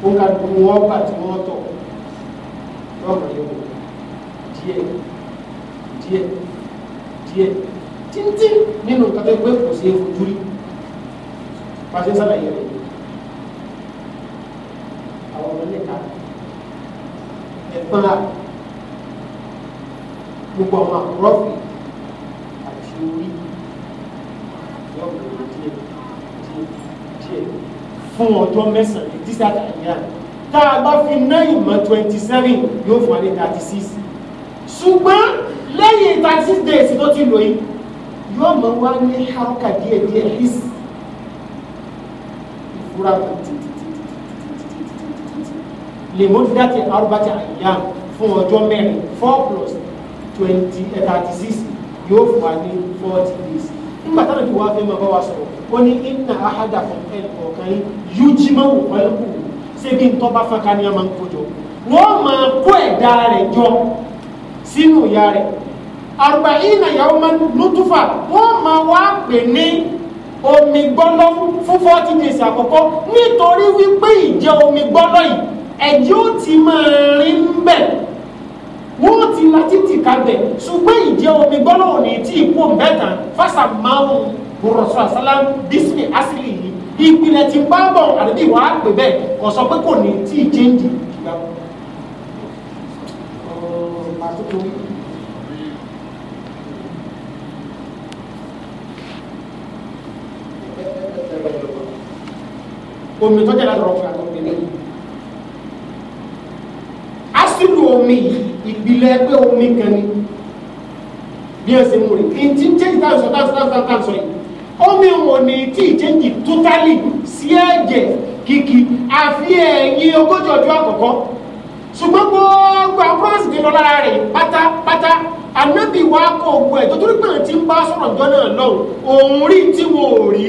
ó ń ka gbogbo wọn gbà tí wọ́n tọ̀ lọ́kàn yẹn díẹ̀ díẹ̀ díẹ̀ títí nínú nǹkan tó gbé kò sí fojú rí pàṣẹ sàlàyé rẹ̀ àwọn ọmọ níta ẹ̀gbọ́n gbogbo àwọn àkúrọ́fì àti orí lọ́gbọ̀n díẹ̀ díẹ̀ díẹ̀ fún ọjọ́ mẹ́sàn-án dísàtà yẹn tá a bá fi náírà mọ́ twenty seven yóò fún wa ní thirty six ṣùgbọ́n lẹ́yìn thirty six days tó ti lò yìí yóò mọ wá ní háùkà díẹ̀ díẹ̀ hís ìfura lè mú dídákẹ́ arúgbàtà àyà fún ọjọ́ mẹ́rin four plus twenty eh, thirty six yóò fún wa ní forty days nígbà táwọn ìdíwọ́ afẹ́ máa bá wa sọ̀rọ̀ ó ní ìnà àhádà fún ẹnì kọ̀ọ̀kan yìí yóò jí máa wò wọ́n kù ṣé bí ntọ́ bá fún akaniya máa ń kó jọ wọ́n máa kó ẹ̀dá rẹ̀ jọ sínú ìyá rẹ̀ àrùbáyìnà yàwó máa lótúfà wọ́n máa wá pè ní omi gbọ́lọ́ fún forty days àkọ́kọ́ nítorí wípé ìjẹ omi gbọ́lọ́ yìí ẹ̀jẹ̀ ó ti máa rin bẹ̀ wọ́n ti la títì kabẹ̀ ṣùgbọ́n ìjẹ omi gbọ́lọ́ ò ní tí ikú mẹ́ta fásà máa ń rọ̀ṣọ̀ àṣálàm bísí àṣìlì yìí ìpìlẹ̀ ti bá bọ̀ àdébí wà á pè bẹ́ẹ̀ kò sọ pé kò ní tí ì jẹ́ǹdì ìgbà wọn. omi tó jẹ́ lọ́rọ̀ fún àtọ́ pẹ̀lú asìlù omi ìpìlẹ̀ pé omi kan ni se ẹ ṣe mú rí kí n ti change that sọ that sọ that sọ yìí omi wọn ni tí change totally sí ẹ̀jẹ̀ kìkì àfi ẹ̀yìn ogójì ọjọ́ àkọ́kọ́ ṣùgbọ́n gbogbo àkúrẹ́sì ti lọ lára rẹ̀ pátápátá ànábì wa kọ̀ ògùn ẹ̀ tó torí ti ń bá sọ̀rọ̀ jọ òun rí tí wọn rí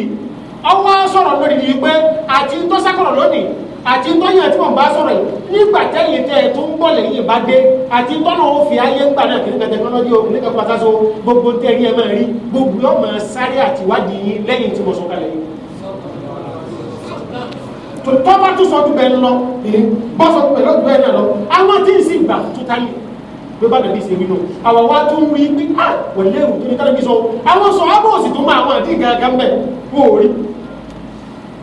ọwọ́ sọ̀rọ̀ lórí yìí pé àti tó sákọ̀rọ̀ lónìí àti tọ́yìn àti mọ̀ bá sọ̀rọ̀ yìí nígbà tẹ́yìn tẹ́ ẹ tó ń bọ̀ lẹ́yìn bá dé àti tọ́nà ó fi ayé ń gbà náà kìí ka tẹkinọ́lọ́jì o kìí ka pàtàkì gbogbo tẹ́ ẹni ẹ máa rí gbogbo yóò máa sáré àtiwádìí yín lẹ́yìn tí mo sọ kalẹ̀ yìí. tó bá tún sọ dúpẹ́ lọ bọ́ sọ dúpẹ́ lọ́dún bẹ́ẹ̀ náà lọ àwọn tí ì sì gbà tó táyé bí bá dàbí ìsinmi nù àwọn wa tún rí pé ah wọ̀lẹ́rù tó ní tẹ́lẹ̀ sọ àwọn sọ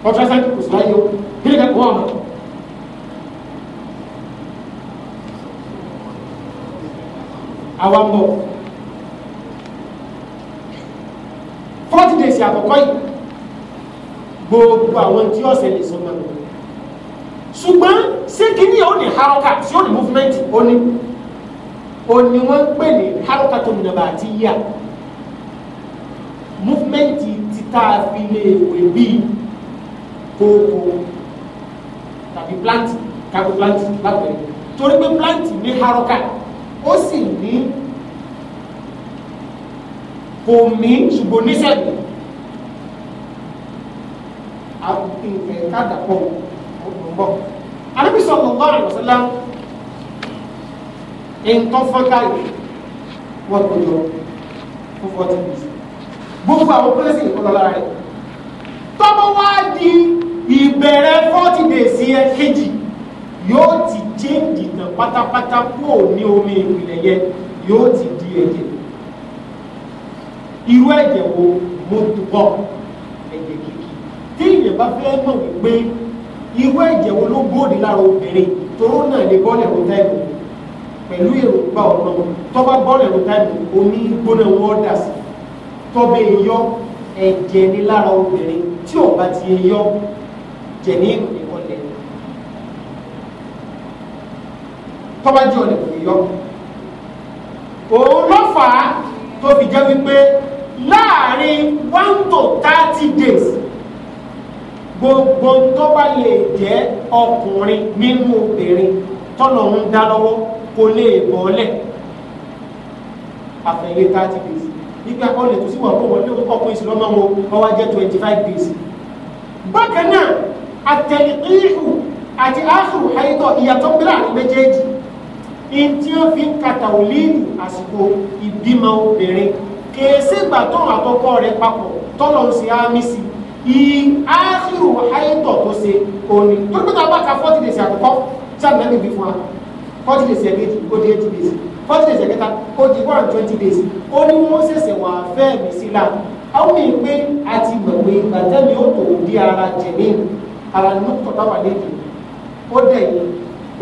ɔtɔ sɛ kusa yi o kiri ka kɔn a ma. awa ń bọ̀ forty days àkọ́kọ́ yìí gbogbo àwọn tí ọ̀sẹ̀ lè sọ náà ṣùgbọ́n ṣé kíní ẹ̀ ó ní haroka tí ó ní movement ó ní ó ní wọ́n pè ní haroka tó nàbà àti yíyà movement ti tá a fi lè wé bíi kókó tàbí plant kákó plant lápẹ̀rẹ̀ torí pé plant ní haroka ó sì ní kò mí ṣùgbọ́n níṣẹ́bí àpèkè kádàpọ̀ ọ̀gbọ̀ngbọ̀ alábìsọ̀ ọ̀gbọ̀n àlọ́sọ́lá nǹkan fọ́nká yìí wọ́n kò jọ fún fourteen days gbogbo àwọn pẹ́lẹ́sì ìkọlọ́lára rẹ̀ tọ́mọ wá di ìbẹ̀rẹ̀ forty days yẹn kejì yóò ti change tán pátápátá kó o ní omi ìpìlẹ̀ yẹn yóò ti di ẹ̀jẹ̀ irú ẹ̀jẹ̀ wo mo dùbọ̀ ẹ̀jẹ̀ kìkì tí ìyẹn bá fẹ́ mọ̀ wípé irú ẹ̀jẹ̀ wo ló gbòdì lára obìnrin toró náà lè bọ́ọ̀lù ẹ̀rọ táìmù pẹ̀lú èròǹgbà ọ̀nà tọ́ba bọ́ọ̀lù ẹ̀rọ táìmù omi gbóná wọn dà sí tọ́bẹ̀ yọ ẹ̀jẹ̀ ní lára obìnrin tí ò bá ti yọ jẹ̀ní nìkan lẹ̀ tọ́ba jẹ́ ọ̀lẹ̀ kò ní yọ. òun ló fà á tó fi jẹ́ wípé láàrin one to thirty days gbogbo tọ́ba lè jẹ́ ọkùnrin nínú obìnrin tọ́nà ń dá lọ́wọ́ kò lè bọ́ọ̀lẹ̀ àfẹ̀yẹ thirty days nígbà kan lè tó sí wà fún wọn ní ọkùnrin sí lọ́mọ́ wọn wọ́n wá twenty five days. bákan náà àtẹ̀lẹ́kíhù àti áàfù ayétọ̀ ìyàtọ̀ bílà méjèèjì in tí ó fi ń kàtà òlíìdì àsìkò ìbímọ obìnrin kèésì ìgbà tóun àtọkọ rẹ papọ̀ tọ́lọ̀ ń ṣe ámì sí i áàfù ayétọ̀ tó ṣe òní tó gbẹ́ta bá ka fọ́tì dèsì àkọ́kọ́ sáà nàbí fún wa fọ́tì dèsì ẹ̀kejì ó di eighty days fọ́tì dèsì ẹ̀kẹta ó di one twenty days ó ní wọ́n ṣẹ̀ṣẹ̀ wà fẹ́ẹ̀ mí sí láà àwọn mi pé àti gbàgbé ìgbà ó tò di ara jẹ̀mí على النقطة طبعا ليكي ó dẹ̀ ní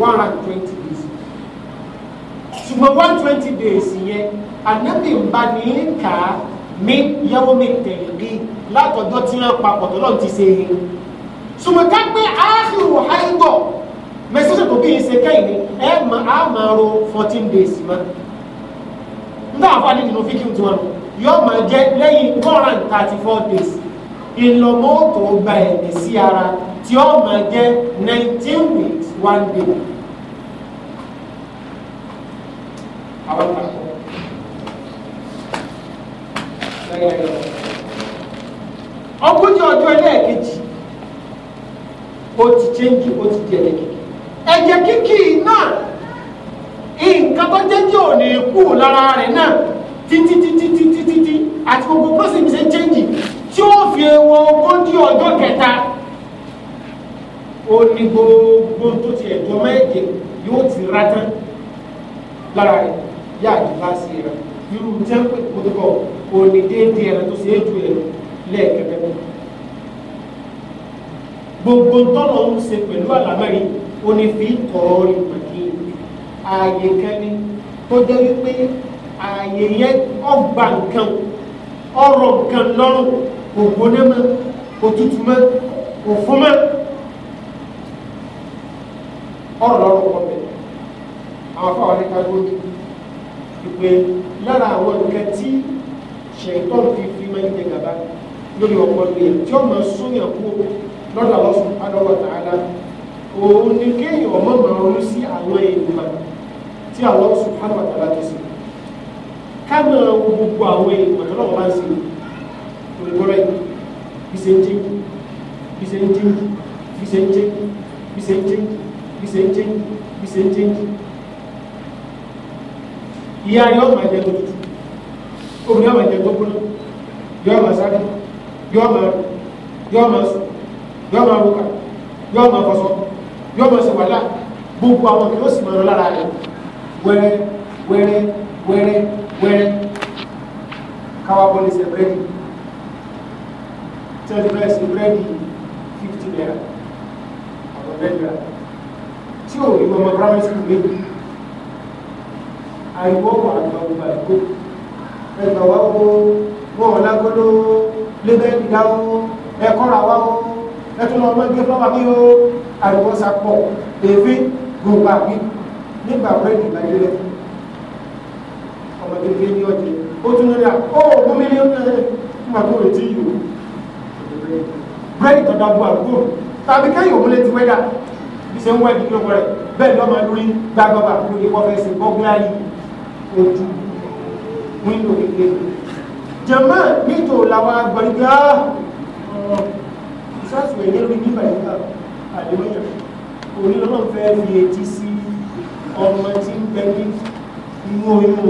one hundred twenty days ṣùgbọ́n one twenty days yẹn ànábì ń bá ní kà á mí yẹ́wọ́ mi tẹ̀lé bí látọ̀jọ́ tí wọ́n papọ̀ tó lọ́n ti ṣe é ṣùgbọ́n ká pé áàfìrò háìgbọ̀ mẹsẹ̀sẹ̀ tó bí yìí ṣe kẹ́yìn ni ẹ mà á máa ro fourteen days mọ́ nígbà àfáàní nínú fíkì tí wọn yóò máa jẹ lẹ́yìn one hundred thirty four days ìlọ́mọ́tò gba ẹ̀mí sí ara tí ó máa jẹ́ nineteen weeks one day. àwọn kan kọ́ ọgójì ọjọ́ ẹlẹ́ẹ̀kejì ó ti chéńjì ó ti di ẹ̀jẹ̀ kíkì ẹ̀jẹ̀ kíkì náà nǹkan tó jẹ́ tí ò ní kú lára rẹ̀ náà títí títí títí títí àti gbogbo pọ́sìmì ṣe chéńjì tí ó fi ewu ogójì ọjọ́ kẹta ó ní gbogbo tó ti ẹ̀jọ́ mẹ́ẹ̀jẹ̀ yóò ti ra tán lára rẹ̀ yá àdúrà sí ẹ̀rọ irú tẹ́ńpẹ̀ kótópọ̀ òní déédéé ẹ̀rọ tó ṣe é ju ẹ̀rọ lẹ́ẹ̀kẹ́fẹ́ gbogbo tọ́nà ń ṣe pẹ̀lú àlámẹ́rí òní fi kọ́ orí pẹ̀lú ààyè kẹ́ni tó jẹ́ wípé ààyè yẹn ọgbà nǹkan ọrọ̀ nǹkan lọ́rùn kò gbóná mọ́ kò tutù mọ́ kò fún mọ́ ọ̀rọ̀ lọ́rọ̀ wọn bẹ̀ àwọn afáwọn nípa lójú ìpè lára àwọn nǹkan tí ṣètò fi fi máa ń jẹ gàba lórí ọ̀pọ̀ lè tí ọmọ súnyàn kú lọ́dọ̀ àwọn sùn adọ́wọ̀ tààlà òun ni kéèyàn ọmọ máa ronú sí àwọn èèyàn tí àwọn sùn adọ́wọ̀ tààlà tó sì ká máa wo gbogbo àwọn èèyàn tó lọ́wọ́ bá ń ṣe olùkọ́rẹ́ bí ṣe ń jẹ́ bí ṣe ń jẹ́ bí ṣe ń jẹ́ bí ṣe ń jẹ́ bí ṣe ń change You ṣe ń change ìyá yóò máa jẹ tó tutù obìnrin yóò máa jẹ tó gbóná yóò máa sáré yóò máa rù yóò máa sùn yóò máa rúkà yóò máa fọṣọ yóò máa ṣe wàhálà gbogbo àwọn kí ló sì máa lọ lára rẹ wẹrẹ wẹrẹ wẹrẹ wẹrẹ káwa bọ́ lè ṣe búrẹ́dì tí wọ́n ti bẹ́ẹ̀ ṣe búrẹ́dì fifty naira ọ̀pọ̀ bẹ́ẹ̀ tí ò ní ọmọ primary school méjì àìwọ́ wà lọ ìgbà ìgbò ẹgbà wá wo wọn ò lágbọ́dọ̀ lébẹ́ ìdá o ẹkọ́ra wá o ẹtún lọ ọmọ ẹgbẹ́ fọwọ́ mi o àìwọ́sà pọ̀ èéfín gbogbo àbí nígbà bẹ́ẹ̀dì ìgbàlélẹ̀ ọmọ kékeré ní ọjẹ́ ó tún lórí à ó ogún mílíọ̀nù náírà fún àgbo rẹ̀ tí yìí o bẹ́ẹ̀dì tọ́jú àgbo tàbí kẹ́yìn òun ti wẹ́dà ṣe ń wẹ̀ nínú rẹ̀ bẹ́ẹ̀ lọ́mọ lórí gbàgbọ́gbà kúrò ní wọ́n fẹ́ ṣe bọ́gláàrí ojú wíńdò kékeré jẹ̀mọ́ nítò làwọn agbọ̀nìgbà ah, ṣáàṣù ẹ̀yẹ́ rí nígbà yíká àdéhùn orí ọlọ́run fẹ́ fi etí sí ọmọ tí ń bẹ ní inú oyún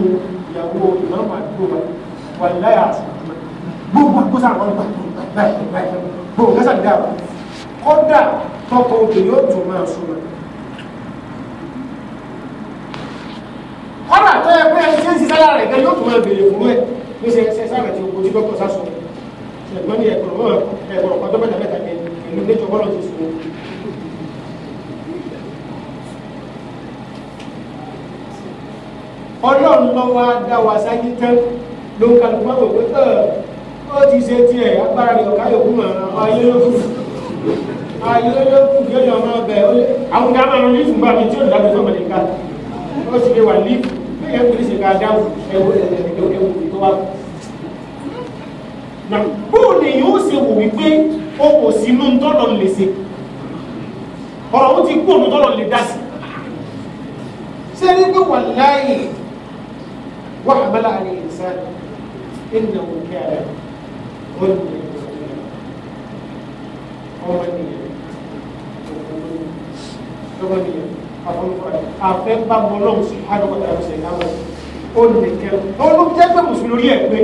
ìyàwó ìmọ̀ọ́mọ̀ àdúgbò wa wà láyà gbogbo àkóso àwọn ọgbà báyìí báyìí gbogbo kẹsàn-án dà kọ́dà tọkọ obìnrin yóò tún máa súnmọ́. kọ́nà tó yẹ pé ẹni tí ń ṣiṣẹ́ lára rẹ̀ gan yóò tún máa béèrè fún ẹ bí ṣe ṣe sáà ti ojú dọ́kọ̀ sá sọ ṣẹ̀gbọ́n ní ẹ̀kọ́ lọ́wọ́ ẹ̀kọ́ ọ̀pá tó bẹ̀rẹ̀ mẹ́ta kẹ́ ìlú níjọ bọ́lọ̀ ti sùn. ọlọ́run lọ́wọ́ á dá wa sáyé tán ló ń kálukú máa wò pé ó ti ṣe tiẹ̀ agbára rẹ̀ ọ̀ká yòókù mọ̀ ayé lókù ayé ló kù kí ọyàn máa bẹ ọ lé àwọn ọ̀gá máa ń lífù bá mi tí ó dábẹ́ fún ọmọdé ká ó sì lè wà lífù bẹ́ẹ̀ yẹn polisi ká dáhùn ẹ̀wọ̀ ẹ̀wọ̀ ẹ̀wọ̀ tó wà. bóun ni yóò ṣe wò wípé o kò sínú tọ́lọ̀ lè ṣe ọ̀rọ̀ ó ti kú òun tọ́lọ̀ lè dá sí. sẹ́ni pé wà láàyè wà àbálà àlè ìsàn إنه كان غنيا أو غنيا lọ́wọ́ ni àfọlùfọ́ra àfẹ́ bá mọ lọ́hùn sí àdókòtà àbísẹ̀ ìyáwó ó lè kẹ́ ọ ló jẹ́ pé mùsùlùmí lórí ẹ̀ pé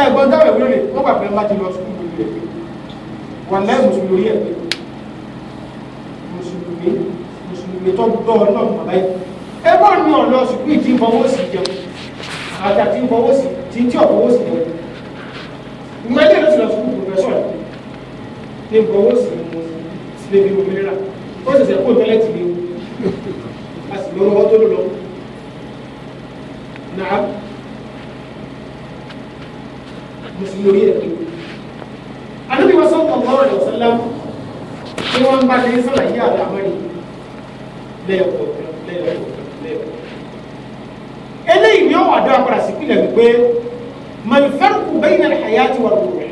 ẹ̀gbọ́n dáwọ̀ ìwé rẹ̀ wọ́n gbà pé ńlá ti lọ sùkúl lórí ẹ̀ pé wọ́n lẹ́ mùsùlùmí lórí ẹ̀ pé mùsùlùmí mùsùlùmí tó gbọ́ ọ náà bàbá yìí ẹ bá ní ọ̀nà sùkúl tí ń fọwọ́ sí jẹun àtà tí ń fọwọ́ sí tí ń tí ọ̀ fọwọ́ lébi omi rírà ó sì sẹ́ kó tọ́lẹ́tì ni o a sì lọ́wọ́ wọ́n tó lò lọ. Nàá mùsùlùmí ẹ̀ pé Ànábì wa sallallahu alaihi wasallam tí wọ́n ń bá lè sọ̀rọ̀ yí àdá mẹ́rin lẹ́yọ̀kọ̀ lẹ́yọ̀kọ̀ lẹ́yọ̀kọ̀. Eléyìí ni ó wà dá apàdà sí pílẹ̀ wípé màlúfẹ́rù kù bayna al-hayati wal-ruh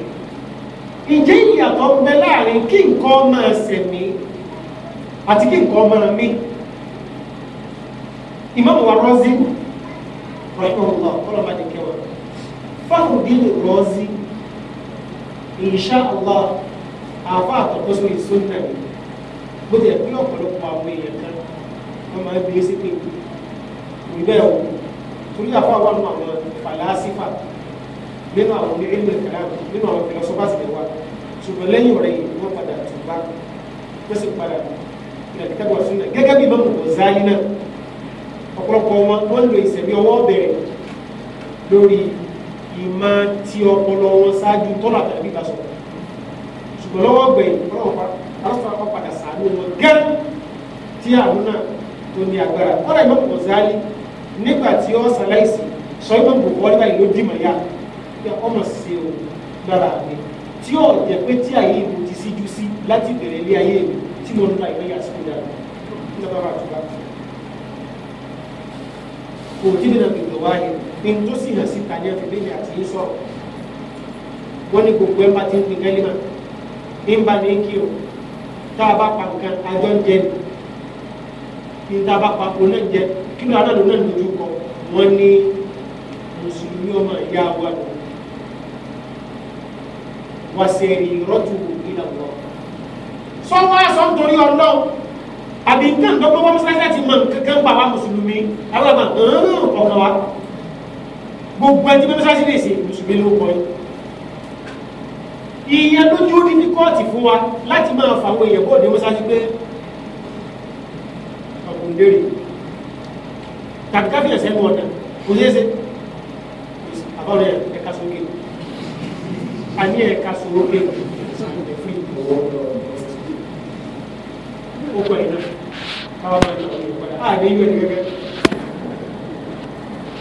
ǹjẹ́ ìyàtọ̀ ń bẹ láàrin kí nǹkan máa sẹ̀mí àti kí nǹkan máa mí ìmáàmù wa rọ́ọ̀zì rahimahullah ọlọ́mọdé kẹwàá fáwọ̀dínlù rọ́ọ̀zì insha Allah àfa àtọ̀kọ́ sórí sunna mi bó ti ẹ̀kú ọ̀pọ̀lọpọ̀ àwọn èèyàn kan wọ́n máa ń bí sí pé ìbẹ̀rù torí àfa wà àwọn fàlásífà nínú àwọn ní ilmu kalam nínú àwọn philosophers lè wa ṣùgbọ́n lẹ́yìn ọ̀rẹ́ yìí wọ́n padà tún bá wọ́n sì padà ilẹ̀ kitabu wa sunna gẹ́gẹ́ bí bámu kò záyé náà ọ̀pọ̀lọpọ̀ wọn wọ́n lo ìsẹ̀mí ọwọ́ bẹ̀rẹ̀ lórí ìmọ̀ tí ọpọlọ wọn ṣáájú tọ́lá tàbí ká sọ ṣùgbọ́n lọ́wọ́ gbẹ̀yìn ọlọ́wọ́ padà sàánú wọn gẹ́ tí àwọn náà tó ní agbára ọ̀rẹ́ ìmọ̀ kò záyé nígbà tí ó pé ọmọ sí o lára mi tí yóò jẹ pé tí àyè ìbò ti síjú sí láti bẹ̀rẹ̀ ilé ayé mi tí mo ń la ìgbéyà sí mi dára ní ọba bàtú bá kò dín nínú ìgbà wáyé ní tó sì hàn síta ní ẹ̀fẹ̀ bẹ́ẹ̀ àti yín sọ̀rọ̀ wọ́n ní gbogbo ẹ̀ bá ti ń pin gẹ́límà ń bá ní kí o tá a bá pa nǹkan àjọ ń jẹ ní tá a bá pa òun náà jẹ kí ló adáàdó náà lójú kọ wọ́n ní mùsùlùmí ọmọ ìyá wa lọ wàsẹ̀rì rọ́jù ìlà wọ̀. sọ́wọ́ aṣọ ń torí ọlọ́ àbí nǹkan tó gbọ́ mọ́sálásí àti mọ̀ kankan pa wa mùsùlùmí Eh, àmà ọ̀kan wa gbogbo ẹni tó mọ́sálásí lè ṣe mùsùlùmí ló kọ́ ìyẹn lójú ó ní kóòtù fún wa láti máa fà àwọn èèyàn bóde mọ́sálásí pé ọkùnrin lérè tàbí káfíńsì ẹnu ọ̀nà kò ṣeé ṣe àbáwọn ẹ̀yà àní ẹ̀ka sọ̀rọ̀ pé sàkóso fún ìlú ó kọ ìná káwá máa ní ọ̀rọ̀ ìpadà àní ìwé ni gẹ́gẹ́.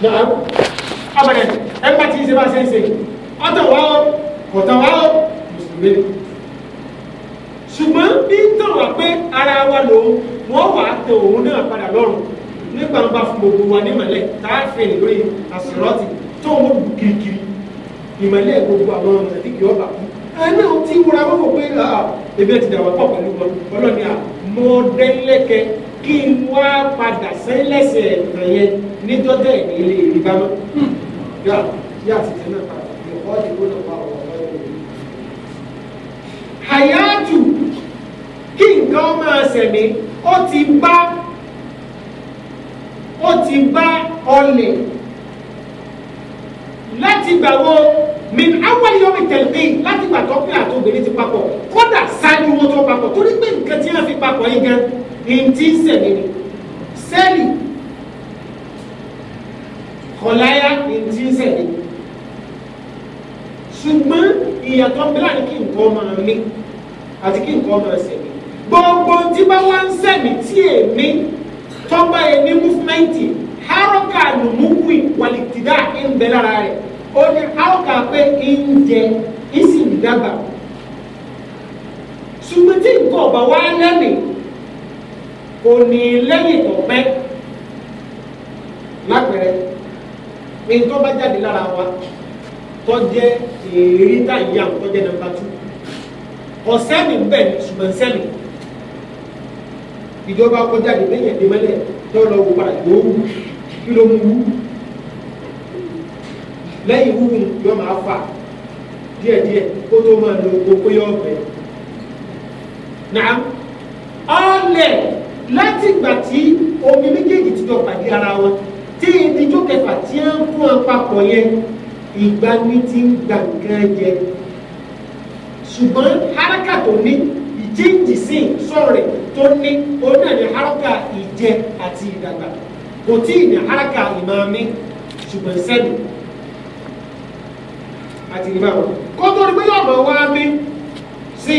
náà abẹ́rẹ́ ẹ̀ ń bá tí ń ṣe bá ṣe ń ṣe ọ̀tọ̀ wá ó kọ̀tọ̀ wá ó mùsùlùmí ṣùgbọ́n bí tàn wá pé ara wa lòun wọ́n wà á tẹ òun náà padà lọ́rùn ní gbangba fún gbogbo wa ní mọ̀lẹ́ tá a fèrè lórí àsìrọ́tì tó ń wọ́n kiri ìmọ̀lẹ́ gbogbo àwọn ọmọ tàbí kì í ọba kú àná tí wúra wọn kò pé ebi ti dàgbà pọ̀ pẹ̀lú wọn ọlọ́ni à ah, mọ dẹ́lẹ́kẹ kí n wá padà sẹ́lẹ̀sẹ̀ ẹ̀nà yẹn níjọ́tẹ̀ ilé ìrìbá mọ́ hmm. yá yá ti tẹ̀ náà padà ìkọ́ ìdìbò náà pa ọ̀rọ̀ ọ̀rọ̀ ìrìn. àyájú kí nǹkan máa sẹ̀mí ó ti bá ó ti bá ọlẹ̀ láti gbà wo min awal yomi tẹ̀lé láti gbà tọ́kùnrin àti obìnrin ti papọ̀ kódà ṣáájú wọn tó papọ̀ torí pé nǹkan tí wọ́n fi papọ̀ yìí gan ní ti ń sẹ̀lẹ̀ ni sẹ́ẹ̀lì kọ̀láyà ní ti ń sẹ̀lẹ̀ ṣùgbọ́n ìyàtọ̀ bílà ní kí nǹkan ọmọ mi àti kí nǹkan ọmọ ẹsẹ̀ mi gbogbo tí bá wá ń sẹ̀mí tí èmi tọ́gbà ẹni múfúmẹ́ǹtì hárọ́kà lùmúwì wàlìtìdá ń bẹ lára rẹ̀ ó ní áwùká pé ń jẹ ń sì ń dábàá ṣùgbọ́n tí nǹkan ọ̀bà wá lẹ́nìí kò ní lẹ́yìn tó pẹ́ lápẹ̀rẹ̀ nǹkan bá jáde lára wa tó jẹ́ èrí tá ìyá tó jẹ́ nàmbà tú ọ̀sẹ́ni bẹ́ẹ̀ ni ṣùgbọ́n sẹ́ni ìjọba kọjá lè lẹ́yìn ẹ̀dẹ́mẹ́lẹ̀ tó lọ wò padà yòówù kí ló mú wú lẹ́yìn wúmi yóò máa fà díẹ̀díẹ̀ kó tó máa lo gbogbo yóò bẹ̀. Nàá ọ̀lẹ̀ láti ìgbà tí omi méjèèjì ti jọ pàdé ara wọn tí ìdíjọ́ kẹfà tí ó ń fún wọn papọ̀ yẹn ìgbà ní ti ń gbà nǹkan jẹ ṣùgbọ́n haraka tó ní ìjíǹjì sí sọ̀rẹ̀ tó ní òun haraka ìjẹ àti ìdàgbà kò tí ì ní haraka ìmọ̀ mi ṣùgbọ́n sẹ́nu àti ìrìbá wọn kó tó rí pé yóò mọ̀ wá mí sí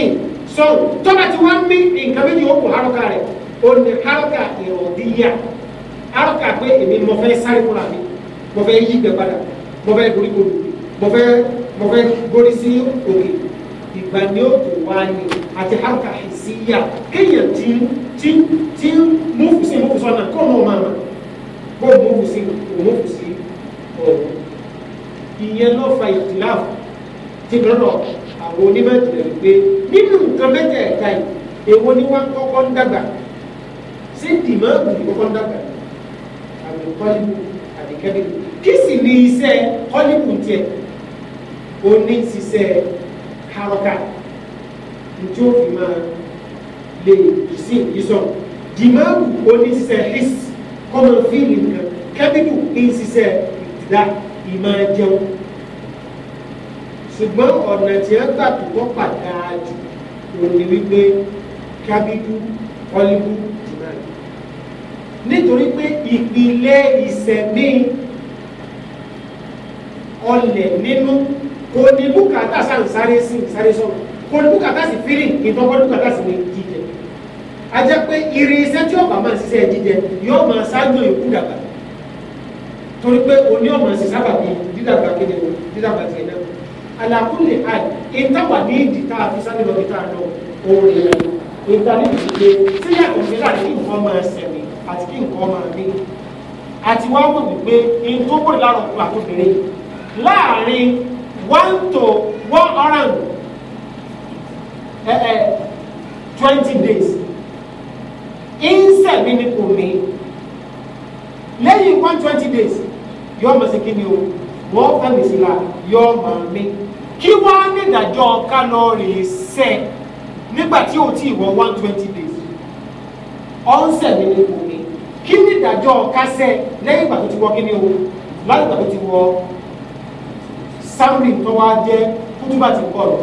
sọ́n tọ́ba ti wá mí nǹkan méjì ó kù hárọ́kà rẹ̀ ó ní hárọ́kà ìrọ̀díyà hárọ́kà pé èmi mo fẹ́ sáré kúrò àmì mo fẹ́ yí gbẹ padà mo fẹ́ gorí kodò mo fẹ́ mo fẹ́ gorí sí òkè ìgbà ni ó tó wá ní àti hárọ́kà ìsíyà kéèyàn ti ti ti múfù sí múfù sọ́nà kó ìyẹn ló fa ìtìláàfù ti dọ́dọ̀ àwọn onímọ̀tìlẹ̀ wípé nínú nǹkan mẹ́tẹ̀ẹ̀ta yìí èwo ni wọ́n kọ́kọ́ ń dàgbà sí dìmọ́ọ̀bù ni kọ́kọ́ ń dàgbà àmì kọ́líbù àti kẹ́míkù kí sì ni iṣẹ́ kọ́líbù tiẹ̀ ó ní ṣiṣẹ́ harọ́kà tí ó fi máa lè sí ìsọ̀ dìmọ́ọ̀bù ó ní ṣiṣẹ́ his kọ́mọ fíìlì nǹkan kẹ́míkù ní ṣiṣẹ́ ìdá ìmọ̀ jẹun ṣùgbọ́n ọ̀nà tí wọ́n gbà tó wọ́n pàtàkì jù òun ni wípé kábídú kọ́líbú jùmọ̀lì nítorí pé ìpìlẹ̀ ìsẹ̀mí ọlẹ̀ nínú kò ní bùkátà sàn sáré sí sáré sọ̀rọ̀ kò ní bùkátà sí fílì ìtọ́kọ́ bùkátà sí ní jíjẹ a jẹ́ pé irinṣẹ́ tí ọba máa ń ṣiṣẹ́ jíjẹ yóò máa ṣáájú ìkú dàgbà torí pé òní ọmọ ṣiṣẹ́ bàbí dídàgbà kéde dídàgbà tiẹ̀ náà àlàkùnlé àì ìtawà ní ìdí tá sáré lọ níta lọ òun rẹ̀ ìgbà tí yàtọ̀ sí láti kí nǹkan máa ṣẹ̀mí àti kí nǹkan máa ní àti wá wò wípé in tó bòrè lára ọkùnrin àtòbìnrin láàrin one to one hundred twenty days ìṣẹ̀mí ni kò ní lẹ́yìn one twenty days yóò mọ̀ sí kí ni o wọ́n fẹ̀mí sí la yọ ọmọ mi kí wá nídàjọ́ kálọ̀rì sẹ̀ nígbà tí o ti wọ one twenty days ọ̀nsẹ̀ mi ni kò ní kí nídàjọ́ kásẹ̀ lẹ́yìn ìgbà tó ti wọ kí ni o láti ìgbà tó ti wọ sámìn tó wá jẹ́ kútúbà ti kọ̀ lọ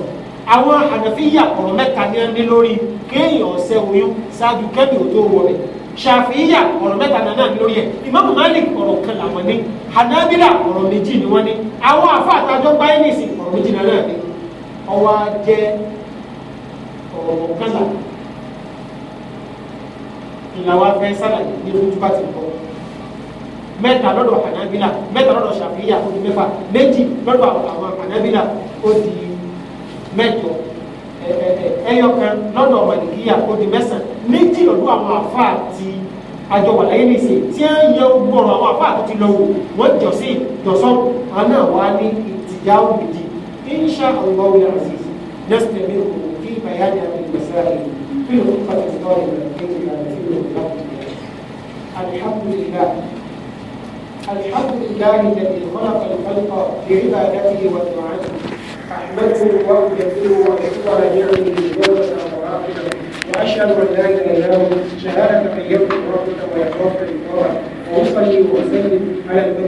àwọn àdàfíyà ọ̀rọ̀ mẹ́ta ní ẹni lórí kéèyàn ọ̀sẹ̀ oyún ṣáájú kẹ́mi ò tó wọlé ṣàfihàn ọ̀rọ̀ mẹ́ta nana lórí ẹ̀ ìmáàmù malik ọ̀rọ̀ kan làwọn ní hanabila ọ̀rọ̀ méjì ni wọ́n ní àwọn àfa àtàjọ báyìísì ọ̀rọ̀ méjì nana ni ọwọ́ jẹ́ ọ̀rọ̀ kánlá ìlàwọ̀ afẹ́ sálàyé ní ojúbá ti bọ̀ mẹ́ta lọ́dọ̀ hanabila mẹ́ta lọ́dọ̀ ṣàfihàn ó di mẹ́fà méjì lọ́dọ̀ àwọn hanabila ó di mẹ́jọ ẹ̀ẹ́dẹ̀ẹ́yọkan lọ́dọ̀ malikiya ó di mẹ́sàn-án méjì lọ́dún àwọn àfa àti àjọ wà láyé nìsí tí a ń yẹ ogun ọ̀rọ̀ àwọn àfa àti ti lọ wò wọ́n jọ sí ìjọsán àná wa ní ìtìjà òbìdì insha allah ya aziz nẹ́sìtẹ̀ mi kò kí bayani àti ìgbésẹ̀ في نقطة إصدار الملكية الحمد لله الحمد لله الذي خلق الخلق بعبادته وطاعته أحمده وأجزله وأشكر نعمه دولة وعاقبة وأشهد أن لا إله إلا الله شهادة من يكفر ربك ويخاف ربك وأصلي وأسلم على المبعوث